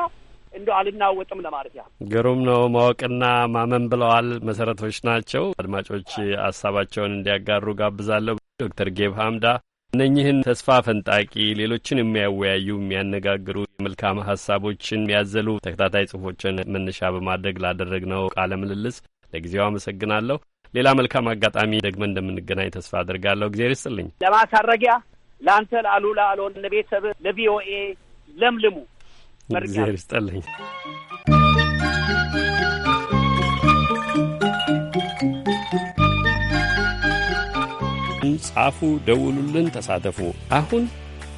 H: እንደ አልናወጥም ለማለት ያ
A: ግሩም ነው። ማወቅና ማመን ብለዋል መሰረቶች ናቸው። አድማጮች ሀሳባቸውን እንዲያጋሩ ጋብዛለሁ። ዶክተር ጌብ ሀምዳ እነኚህን ተስፋ ፈንጣቂ ሌሎችን የሚያወያዩ የሚያነጋግሩ መልካም ሀሳቦችን የሚያዘሉ ተከታታይ ጽሁፎችን መነሻ በማድረግ ላደረግነው ቃለ ምልልስ ለጊዜው አመሰግናለሁ። ሌላ መልካም አጋጣሚ ደግመን እንደምንገናኝ ተስፋ አድርጋለሁ። እግዜር ይስጥልኝ።
H: ለማሳረጊያ ለአንተ፣ ለአሉላ፣ ለወንድ ለቤተሰብ ለቪኦኤ ለምልሙ
A: እግዜር ይስጥልኝ። ጻፉ፣ ደውሉልን፣ ተሳተፉ። አሁን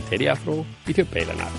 A: ቴዲ አፍሮ ኢትዮጵያ ይለናል።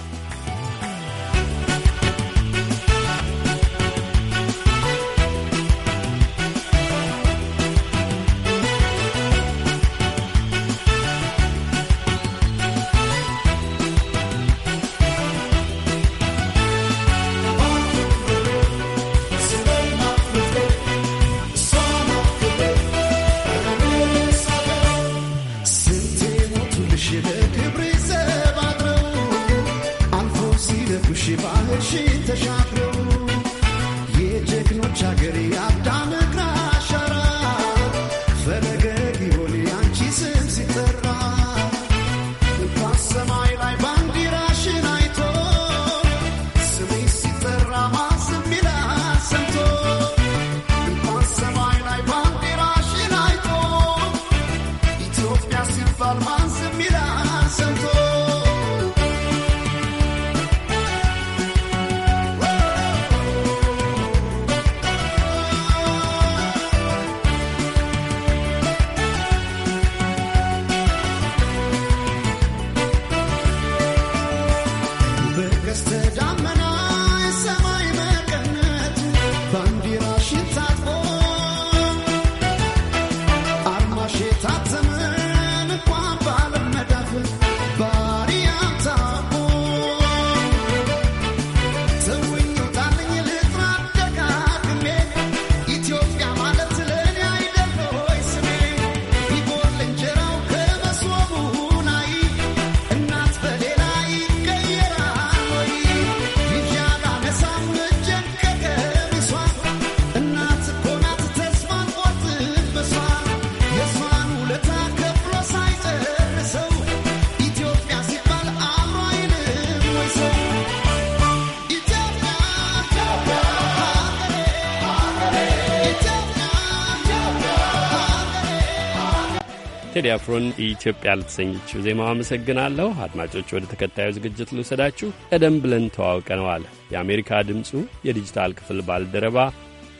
A: ቴዲ አፍሮን ኢትዮጵያ ልተሰኘችው ዜማው አመሰግናለሁ። አድማጮች ወደ ተከታዩ ዝግጅት ልውሰዳችሁ። ቀደም ብለን ተዋውቀነዋል። የአሜሪካ ድምፁ የዲጂታል ክፍል ባልደረባ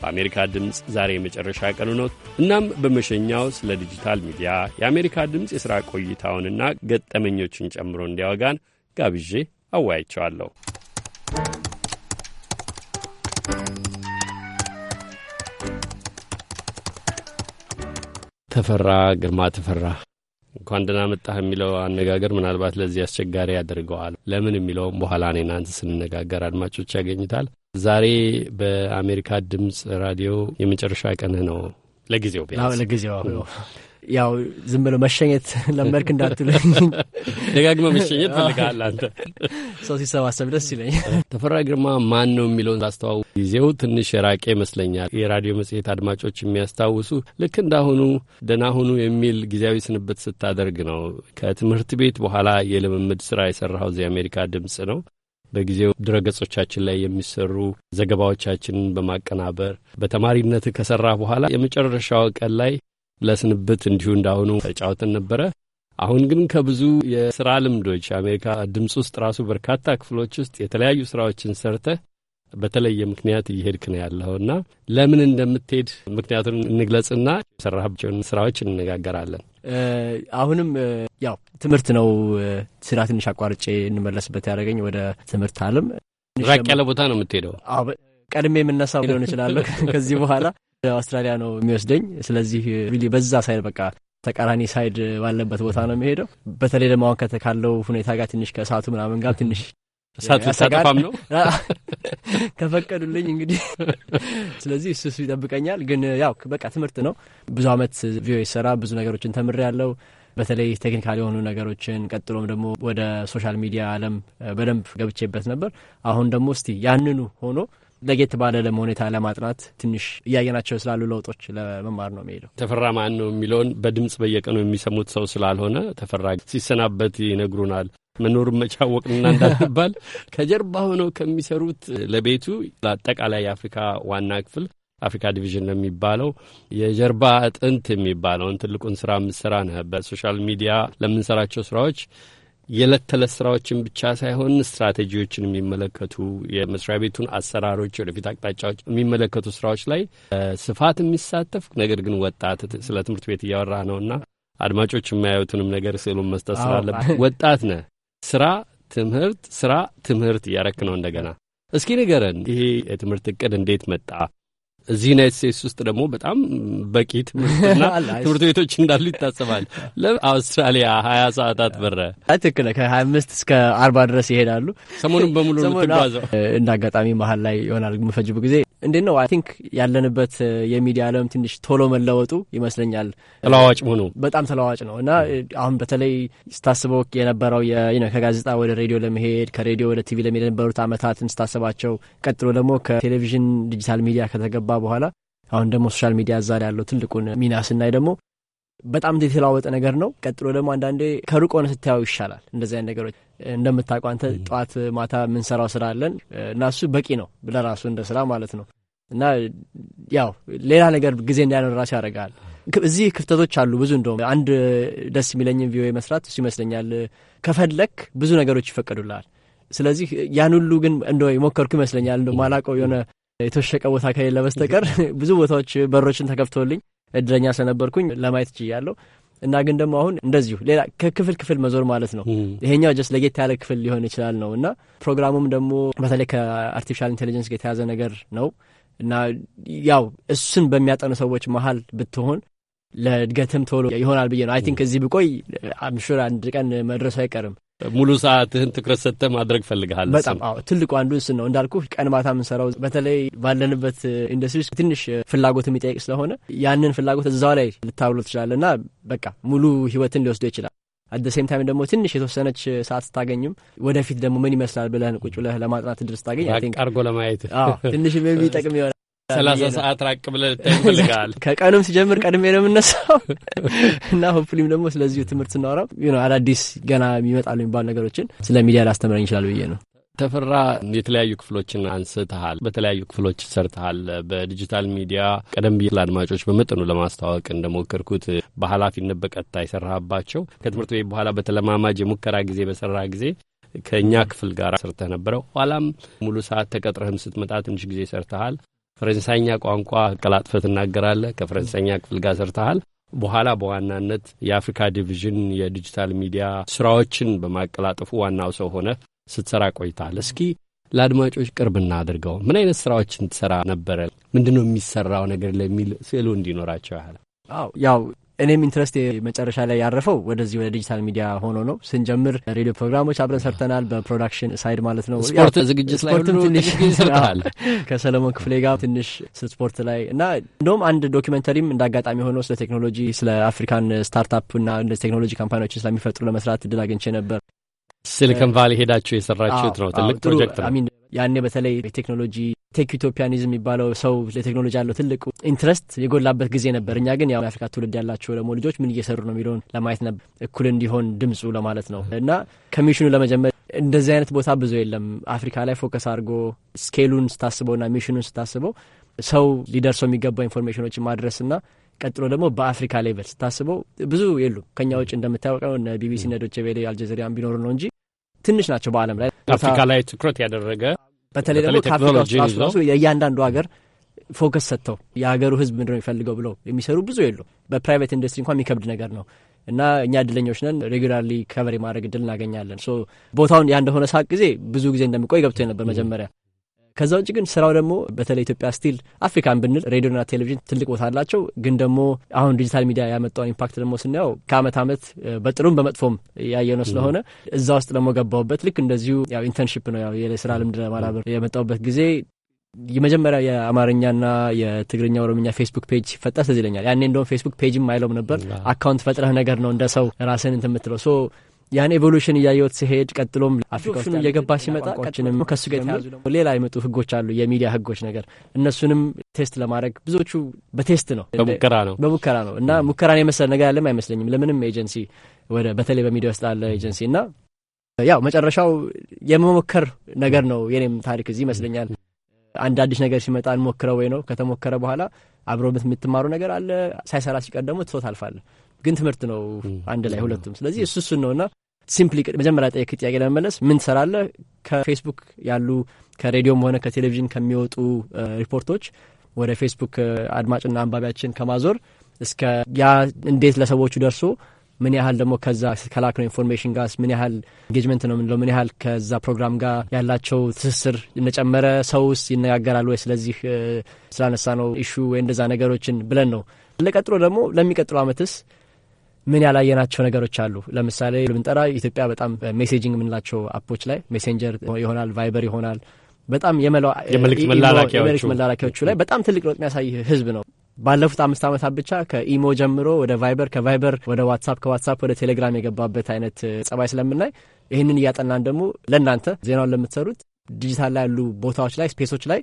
A: በአሜሪካ ድምፅ ዛሬ የመጨረሻ ቀኑ ነው። እናም በመሸኛው ስለ ዲጂታል ሚዲያ የአሜሪካ ድምፅ የሥራ ቆይታውንና ገጠመኞችን ጨምሮ እንዲያወጋን ጋብዤ አወያይቸዋለሁ። ተፈራ ግርማ ተፈራ እንኳን ደህና መጣህ የሚለው አነጋገር ምናልባት ለዚህ አስቸጋሪ ያደርገዋል። ለምን የሚለውም በኋላ እኔ እናንተ ስንነጋገር አድማጮች ያገኙታል። ዛሬ በአሜሪካ ድምፅ ራዲዮ የመጨረሻ ቀንህ ነው ለጊዜው
D: ቢያንስ ለጊዜው ያው ዝም ብለው መሸኘት ለመድክ እንዳትለኝ
A: ደጋግመ መሸኘት ፈልጋል አንተ።
D: ሰው ሲሰባሰብ ደስ ይለኝ።
A: ተፈራ ግርማ ማን ነው የሚለውን ታስተዋው ጊዜው ትንሽ የራቀ ይመስለኛል። የራዲዮ መጽሔት አድማጮች የሚያስታውሱ ልክ እንዳሁኑ ደህና ሁኑ የሚል ጊዜያዊ ስንብት ስታደርግ ነው። ከትምህርት ቤት በኋላ የልምምድ ስራ የሰራኸው እዚህ የአሜሪካ ድምፅ ነው። በጊዜው ድረገጾቻችን ላይ የሚሰሩ ዘገባዎቻችንን በማቀናበር በተማሪነት ከሰራ በኋላ የመጨረሻው ቀን ላይ ለስንብት እንዲሁ እንዳሁኑ ተጫውተን ነበረ። አሁን ግን ከብዙ የስራ ልምዶች የአሜሪካ ድምፅ ውስጥ ራሱ በርካታ ክፍሎች ውስጥ የተለያዩ ስራዎችን ሰርተህ በተለየ ምክንያት እየሄድክ ነው ያለኸውና ለምን እንደምትሄድ ምክንያቱን እንግለጽና የሰራቸውን ስራዎች እንነጋገራለን።
D: አሁንም ያው ትምህርት ነው። ስራ ትንሽ አቋርጬ እንመለስበት ያደረገኝ ወደ ትምህርት አለም ራቅ ያለ
A: ቦታ ነው የምትሄደው።
D: ቀድሜ የምነሳው ሊሆን እችላለሁ ከዚህ በኋላ አውስትራሊያ ነው የሚወስደኝ። ስለዚህ በዛ ሳይድ በቃ ተቃራኒ ሳይድ ባለበት ቦታ ነው የሚሄደው። በተለይ ደግሞ አሁን ካለው ሁኔታ ጋር ትንሽ ከእሳቱ ምናምን ጋር ትንሽ እሳት ልታጠፋም ነው ከፈቀዱልኝ እንግዲህ። ስለዚህ እሱ እሱ ይጠብቀኛል። ግን ያው በቃ ትምህርት ነው። ብዙ አመት ቪዮ ይሰራ ብዙ ነገሮችን ተምሬያለሁ። በተለይ ቴክኒካል የሆኑ ነገሮችን ቀጥሎም ደግሞ ወደ ሶሻል ሚዲያ አለም በደንብ ገብቼበት ነበር። አሁን ደግሞ እስቲ ያንኑ ሆኖ ለጌት ባለ ደግሞ ሁኔታ ለማጥናት ትንሽ እያየናቸው ስላሉ ለውጦች ለመማር ነው የሚሄደው።
A: ተፈራ ማን ነው የሚለውን በድምፅ በየቀኑ የሚሰሙት ሰው ስላልሆነ ተፈራ ሲሰናበት ይነግሩናል። መኖሩን መቻወቅና እንዳትባል ከጀርባ ሆነው ከሚሰሩት ለቤቱ ለአጠቃላይ የአፍሪካ ዋና ክፍል አፍሪካ ዲቪዥን ለሚባለው የጀርባ አጥንት የሚባለውን ትልቁን ስራ የምትሰራ ነህ። በሶሻል ሚዲያ ለምንሰራቸው ስራዎች የዕለት ተዕለት ስራዎችን ብቻ ሳይሆን ስትራቴጂዎችን የሚመለከቱ የመስሪያ ቤቱን አሰራሮች፣ ወደፊት አቅጣጫዎች የሚመለከቱ ስራዎች ላይ ስፋት የሚሳተፍ ነገር ግን ወጣት ስለ ትምህርት ቤት እያወራ ነውና አድማጮች የማያዩትንም ነገር ስዕሉን መስጠት ስላለበት ወጣት ነህ። ስራ ትምህርት፣ ስራ ትምህርት እያረክ ነው። እንደገና እስኪ ንገረን፣ ይሄ የትምህርት እቅድ እንዴት መጣ? እዚህ ዩናይት ስቴትስ ውስጥ ደግሞ በጣም በቂ ትምህርትና ትምህርት ቤቶች እንዳሉ ይታሰባል። ለአውስትራሊያ ሀያ ሰዓታት በረ
D: ትክክል ከሀያ አምስት እስከ አርባ ድረስ ይሄዳሉ። ሰሞኑን በሙሉ ትጓዘው። እንደ አጋጣሚ መሀል ላይ ይሆናል የምፈጅቡ ጊዜ እንዴት ነው አይ ቲንክ ያለንበት uh, የሚዲያ ዓለም ትንሽ ቶሎ መለወጡ ይመስለኛል። ተለዋዋጭ መሆኑ በጣም ተለዋዋጭ ነው እና uh, አሁን በተለይ ስታስበው የነበረው ከጋዜጣ ወደ ሬዲዮ ለመሄድ ከሬዲዮ ወደ ቲቪ ለመሄድ የነበሩት አመታትን ስታስባቸው፣ ቀጥሎ ደግሞ ከቴሌቪዥን ዲጂታል ሚዲያ ከተገባ በኋላ አሁን ደግሞ ሶሻል ሚዲያ ዛሬ ያለው ትልቁን ሚና ስናይ ደግሞ በጣም የተለዋወጠ ነገር ነው። ቀጥሎ ደግሞ አንዳንዴ ከሩቅ ሆነ ስታየው ይሻላል። እንደዚህ አይነት ነገሮች እንደምታውቀው አንተ ጠዋት ማታ የምንሰራው ስራ አለን እና እሱ በቂ ነው ለራሱ እንደ ስራ ማለት ነው እና ያው ሌላ ነገር ጊዜ እንዳይኖር ራሱ ያደርጋል። እዚህ ክፍተቶች አሉ ብዙ። እንደውም አንድ ደስ የሚለኝም ቪኦኤ መስራት እሱ ይመስለኛል። ከፈለክ ብዙ ነገሮች ይፈቀዱልሃል። ስለዚህ ያን ሁሉ ግን እንደ የሞከርኩ ይመስለኛል እንደ ማላውቀው የሆነ የተወሸቀ ቦታ ከሌለ በስተቀር ብዙ ቦታዎች በሮችን ተከፍቶልኝ እድለኛ ስለነበርኩኝ ለማየት ችያለሁ። እና ግን ደግሞ አሁን እንደዚሁ ሌላ ከክፍል ክፍል መዞር ማለት ነው። ይሄኛው ጀስት ለጌት ያለ ክፍል ሊሆን ይችላል ነው እና ፕሮግራሙም ደግሞ በተለይ ከአርቲፊሻል ኢንቴሊጀንስ ጋር የተያዘ ነገር ነው እና ያው እሱን በሚያጠኑ ሰዎች መሀል ብትሆን ለእድገትም ቶሎ ይሆናል ብዬ ነው። አይ ቲንክ እዚህ ብቆይ አምሹር አንድ ቀን መድረሱ አይቀርም
A: ሙሉ ሰዓትህን ትኩረት ሰጥተህ ማድረግ ፈልግሃል። በጣም አዎ፣
D: ትልቁ አንዱ እሱን ነው እንዳልኩ ቀን ማታ የምንሰራው በተለይ ባለንበት ኢንዱስትሪ ውስጥ ትንሽ ፍላጎት የሚጠይቅ ስለሆነ ያንን ፍላጎት እዛው ላይ ልታብሎ ትችላለ እና በቃ ሙሉ ህይወትን ሊወስዶ ይችላል። አደ ሴም ታይም ደግሞ ትንሽ የተወሰነች ሰዓት ስታገኝም ወደፊት ደግሞ ምን ይመስላል ብለህን ቁጭ ብለህ ለማጥናት ድር ስታገኝ አርጎ ለማየት ትንሽ የሚጠቅም ይሆናል። ሰላሳ ሰዓት
A: ራቅ ብለህ ልታይ ይፈልጋል።
D: ከቀኑም ሲጀምር ቀድሜ ነው የምነሳው እና ሆፕሊም ደግሞ ስለዚሁ ትምህርት ስናወራ አዳዲስ ገና የሚመጣሉ የሚባሉ ነገሮችን ስለ ሚዲያ ላስተምረኝ ይችላል ብዬ ነው።
A: ተፈራ የተለያዩ ክፍሎችን አንስተሃል፣ በተለያዩ ክፍሎች ሰርተሃል። በዲጂታል ሚዲያ ቀደም ብዬ ለአድማጮች በመጠኑ ለማስተዋወቅ እንደሞከርኩት በኃላፊነት በቀጥታ የሰራህባቸው ከትምህርት ቤት በኋላ በተለማማጅ የሙከራ ጊዜ በሰራ ጊዜ ከእኛ ክፍል ጋር ሰርተህ ነበረው። ኋላም ሙሉ ሰዓት ተቀጥረህም ስትመጣ ትንሽ ጊዜ ሰርተሃል። ፈረንሳይኛ ቋንቋ አቀላጥፈ ትናገራለህ። ከፈረንሳይኛ ክፍል ጋር ሰርተሃል። በኋላ በዋናነት የአፍሪካ ዲቪዥን የዲጂታል ሚዲያ ስራዎችን በማቀላጠፉ ዋናው ሰው ሆነ ስትሰራ ቆይታል። እስኪ ለአድማጮች ቅርብ እናድርገው። ምን አይነት ስራዎችን ትሰራ ነበረ? ምንድነው የሚሰራው ነገር ለሚል ስዕሉ እንዲኖራቸው ያህል።
D: ያው እኔም ኢንትረስት መጨረሻ ላይ ያረፈው ወደዚህ ወደ ዲጂታል ሚዲያ ሆኖ ነው። ስንጀምር ሬዲዮ ፕሮግራሞች አብረን ሰርተናል፣ በፕሮዳክሽን ሳይድ ማለት ነው። ስፖርት ዝግጅት ላይ ሁሉ ትንሽ ከሰለሞን ክፍሌ ጋር ትንሽ ስፖርት ላይ እና እንደውም አንድ ዶኪመንተሪም እንደ አጋጣሚ ሆኖ ስለ ቴክኖሎጂ ስለ አፍሪካን ስታርታፕ እና ቴክኖሎጂ ካምፓኒዎችን ስለሚፈጥሩ ለመስራት እድል አግኝቼ ነበር።
I: ሲሊኮን ቫሊ ሄዳችሁ የሰራችሁት ነው። ትልቅ ፕሮጀክት
D: ነው። ያኔ በተለይ ቴክኖሎጂ ቴክ ኢትዮፒያኒዝም የሚባለው ሰው ለቴክኖሎጂ ያለው ትልቁ ኢንትረስት የጎላበት ጊዜ ነበር። እኛ ግን ያው የአፍሪካ ትውልድ ያላቸው ደግሞ ልጆች ምን እየሰሩ ነው የሚለውን ለማየት ነበር፣ እኩል እንዲሆን ድምፁ ለማለት ነው። እና ከሚሽኑ ለመጀመር እንደዚህ አይነት ቦታ ብዙ የለም አፍሪካ ላይ ፎከስ አድርጎ ስኬሉን ስታስበውና ሚሽኑን ስታስበው ሰው ሊደርሰው የሚገባ ኢንፎርሜሽኖችን ማድረስና ቀጥሎ ደግሞ በአፍሪካ ሌቨል ስታስበው ብዙ የሉም ከኛ ውጭ እንደምታወቀው እነ ቢቢሲ እነ ዶቼ ቬለ አልጀዚሪያን ቢኖሩ ነው እንጂ ትንሽ ናቸው በዓለም ላይ አፍሪካ
A: ላይ ትኩረት ያደረገ በተለይ ደግሞ ከአፍሪካ
D: የእያንዳንዱ ሀገር ፎከስ ሰጥተው የሀገሩ ህዝብ ምንድን ነው የሚፈልገው ብለው የሚሰሩ ብዙ የሉ። በፕራይቬት ኢንዱስትሪ እንኳን የሚከብድ ነገር ነው እና እኛ እድለኞች ነን። ሬጉላርሊ ከቨር የማድረግ እድል እናገኛለን። ቦታውን ያ እንደሆነ ሳቅ ጊዜ ብዙ ጊዜ እንደሚቆይ ገብቶ ነበር መጀመሪያ ከዛ ውጭ ግን ስራው ደግሞ በተለይ ኢትዮጵያ ስቲል አፍሪካን ብንል ሬዲዮና ቴሌቪዥን ትልቅ ቦታ አላቸው። ግን ደግሞ አሁን ዲጂታል ሚዲያ ያመጣውን ኢምፓክት ደግሞ ስናየው ከአመት አመት በጥሩም በመጥፎም ያየ ስለሆነ እዛ ውስጥ ደግሞ ገባሁበት። ልክ እንደዚሁ ያው ኢንተርንሺፕ ነው ያው የስራ ልምድ ለማዳበር የመጣሁበት ጊዜ የመጀመሪያ የአማርኛና የትግርኛ ኦሮምኛ ፌስቡክ ፔጅ ፈጠር ትዝ ይለኛል። ያኔ እንደውም ፌስቡክ ፔጅም አይለውም ነበር አካውንት ፈጥረህ ነገር ነው እንደ ሰው ራስህን እንትን የምትለው ሶ ያን ኤቮሉሽን እያየሁት ሲሄድ ቀጥሎም አፍሪካ እየገባ ሲመጣ ቋንቋዎችንም ከሱ ጋር የተያዙ ደግሞ ሌላ የመጡ ህጎች አሉ፣ የሚዲያ ህጎች ነገር እነሱንም ቴስት ለማድረግ ብዙዎቹ በቴስት ነው በሙከራ ነው በሙከራ ነው እና ሙከራን የመሰለ ነገር ያለም አይመስለኝም ለምንም ኤጀንሲ ወደ በተለይ በሚዲያ ውስጥ ላለ ኤጀንሲ እና ያው መጨረሻው የመሞከር ነገር ነው። የኔም ታሪክ እዚህ ይመስለኛል አንድ አዲስ ነገር ሲመጣ እንሞክረው ወይ ነው ከተሞከረ በኋላ አብሮ የምትማሩ ነገር አለ። ሳይሰራ ሲቀር ደግሞ ትቶ ታልፋለህ። ግን ትምህርት ነው አንድ ላይ ሁለቱም። ስለዚህ እሱ እሱን ነው ነውና ሲምፕሊ መጀመሪያ ጠየቅ ጥያቄ ለመመለስ ምን ትሰራለህ? ከፌስቡክ ያሉ ከሬዲዮም ሆነ ከቴሌቪዥን ከሚወጡ ሪፖርቶች ወደ ፌስቡክ አድማጭና አንባቢያችን ከማዞር እስከ ያ እንዴት ለሰዎቹ ደርሶ ምን ያህል ደግሞ ከዛ ከላክ ነው ኢንፎርሜሽን ጋር ምን ያህል ኤንጌጅመንት ነው ምንለው ምን ያህል ከዛ ፕሮግራም ጋር ያላቸው ትስስር እነጨመረ ሰውስ ይነጋገራሉ ወይ ስለዚህ ስላነሳ ነው ኢሹ ወይ እንደዛ ነገሮችን ብለን ነው ለቀጥሎ ደግሞ ለሚቀጥለው አመትስ ምን ያላየናቸው ነገሮች አሉ? ለምሳሌ ብንጠራ ኢትዮጵያ በጣም ሜሴጂንግ የምንላቸው አፖች ላይ ሜሴንጀር ይሆናል፣ ቫይበር ይሆናል በጣም የመልእክት መላላኪያዎቹ ላይ በጣም ትልቅ ለውጥ የሚያሳይ ህዝብ ነው። ባለፉት አምስት ዓመታት ብቻ ከኢሞ ጀምሮ ወደ ቫይበር፣ ከቫይበር ወደ ዋትሳፕ፣ ከዋትሳፕ ወደ ቴሌግራም የገባበት አይነት ጸባይ ስለምናይ ይህንን እያጠናን ደግሞ ለእናንተ ዜናውን ለምትሰሩት ዲጂታል ላይ ያሉ ቦታዎች ላይ ስፔሶች ላይ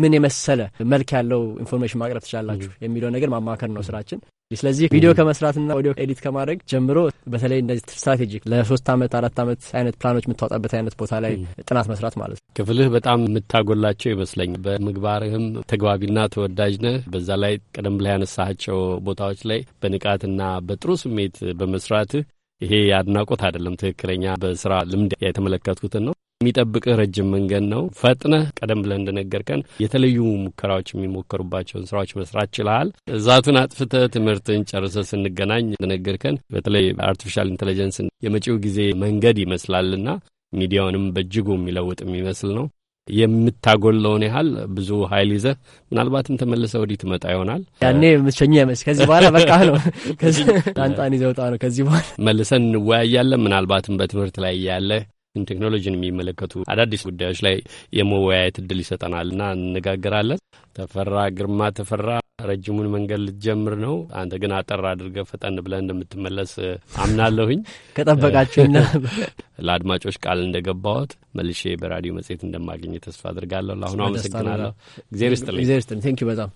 D: ምን የመሰለ መልክ ያለው ኢንፎርሜሽን ማቅረብ ትችላላችሁ የሚለው ነገር ማማከር ነው ስራችን። ስለዚህ ቪዲዮ ከመስራትና ኦዲዮ ኤዲት ከማድረግ ጀምሮ በተለይ እንደዚህ ስትራቴጂክ ለሶስት ዓመት አራት ዓመት አይነት ፕላኖች የምታወጣበት አይነት ቦታ ላይ ጥናት መስራት ማለት ነው።
A: ክፍልህ በጣም የምታጎላቸው ይመስለኛል። በምግባርህም ተግባቢና ተወዳጅ ነህ። በዛ ላይ ቀደም ብላ ያነሳቸው ቦታዎች ላይ በንቃትና በጥሩ ስሜት በመስራትህ ይሄ አድናቆት አይደለም፣ ትክክለኛ በስራ ልምድ የተመለከትኩትን ነው። የሚጠብቅህ ረጅም መንገድ ነው። ፈጥነህ ቀደም ብለን እንደነገርከን የተለዩ ሙከራዎች የሚሞከሩባቸውን ስራዎች መስራት ችልሃል። እዛቱን አጥፍተ ትምህርትን ጨርሰ ስንገናኝ እንደነገርከን በተለይ አርቲፊሻል ኢንቴሊጀንስ የመጪው ጊዜ መንገድ ይመስላልና ሚዲያውንም በእጅጉ የሚለውጥ የሚመስል ነው። የምታጎለውን ያህል ብዙ ኃይል ይዘህ ምናልባትም ተመልሰህ ወዲህ ትመጣ ይሆናል።
D: ያኔ ምቸኛ መስ ከዚህ በኋላ በቃ ነው ጣንጣን ይዘውጣ ነው። ከዚህ በኋላ
A: መልሰን እንወያያለን። ምናልባትም በትምህርት ላይ ያለህ ቴክኖሎጂን የሚመለከቱ አዳዲስ ጉዳዮች ላይ የመወያየት እድል ይሰጠናል እና እንነጋገራለን። ተፈራ ግርማ ተፈራ ረጅሙን መንገድ ልትጀምር ነው። አንተ ግን አጠር አድርገህ ፈጠን ብለህ እንደምትመለስ አምናለሁኝ። ከጠበቃችሁና ለአድማጮች ቃል እንደገባሁት መልሼ በራዲዮ መጽሔት እንደማገኘ ተስፋ አድርጋለሁ። ለአሁኑ አመሰግናለሁ። እግዜር ይስጥልኝ። እግዜር
D: ይስጥልኝ። ቴንክ ዩ በጣም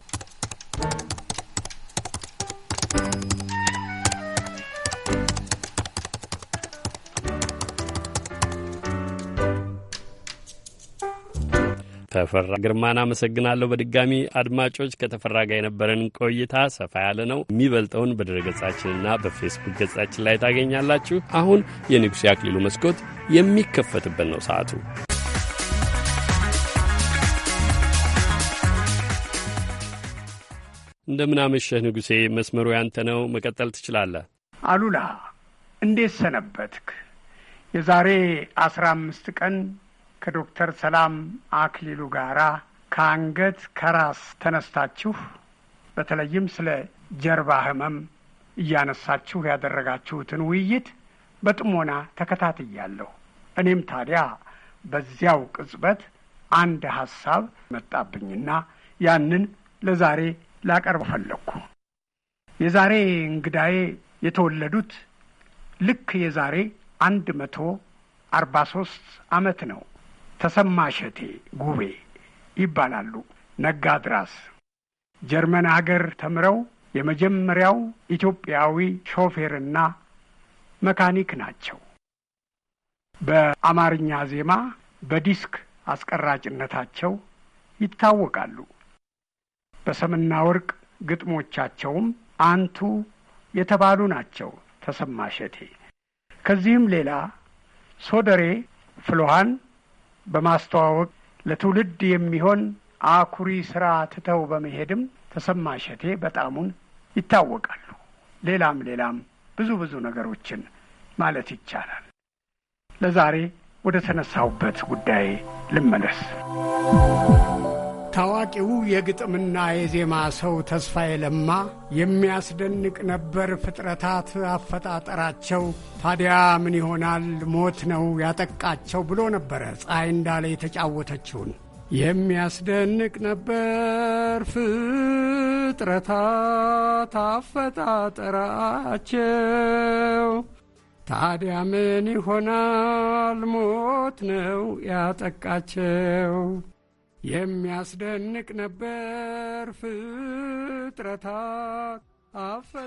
A: ተፈራ ግርማን አመሰግናለሁ። በድጋሚ አድማጮች ከተፈራ ጋር የነበረን ቆይታ ሰፋ ያለ ነው። የሚበልጠውን በድረ ገጻችንና በፌስቡክ ገጻችን ላይ ታገኛላችሁ። አሁን የንጉሴ አክሊሉ መስኮት የሚከፈትበት ነው ሰዓቱ። እንደምናመሸህ ንጉሴ፣ መስመሩ ያንተ ነው። መቀጠል ትችላለህ።
J: አሉላ እንዴት ሰነበትክ? የዛሬ አስራ አምስት ቀን ከዶክተር ሰላም አክሊሉ ጋራ ከአንገት ከራስ ተነስታችሁ በተለይም ስለ ጀርባ ህመም እያነሳችሁ ያደረጋችሁትን ውይይት በጥሞና ተከታትያለሁ። እኔም ታዲያ በዚያው ቅጽበት አንድ ሐሳብ መጣብኝና ያንን ለዛሬ ላቀርብ ፈለግኩ። የዛሬ እንግዳዬ የተወለዱት ልክ የዛሬ አንድ መቶ አርባ ሶስት ዓመት ነው። ተሰማ እሸቴ ጉቤ ይባላሉ። ነጋድራስ ጀርመን አገር ተምረው የመጀመሪያው ኢትዮጵያዊ ሾፌርና መካኒክ ናቸው። በአማርኛ ዜማ በዲስክ አስቀራጭነታቸው ይታወቃሉ። በሰምና ወርቅ ግጥሞቻቸውም አንቱ የተባሉ ናቸው። ተሰማ እሸቴ ከዚህም ሌላ ሶደሬ ፍሎሃን በማስተዋወቅ ለትውልድ የሚሆን አኩሪ ስራ ትተው በመሄድም ተሰማ እሸቴ በጣሙን ይታወቃሉ። ሌላም ሌላም ብዙ ብዙ ነገሮችን ማለት ይቻላል። ለዛሬ ወደ ተነሳሁበት ጉዳይ ልመለስ። ታዋቂው የግጥምና የዜማ ሰው ተስፋዬ ለማ የሚያስደንቅ ነበር ፍጥረታት አፈጣጠራቸው፣ ታዲያ ምን ይሆናል ሞት ነው ያጠቃቸው ብሎ ነበረ ፀሐይ እንዳለ የተጫወተችውን። የሚያስደንቅ ነበር ፍጥረታት አፈጣጠራቸው፣ ታዲያ ምን ይሆናል ሞት ነው ያጠቃቸው። የሚያስደንቅ ነበር ፍጥረታት
G: አፈጣጠራ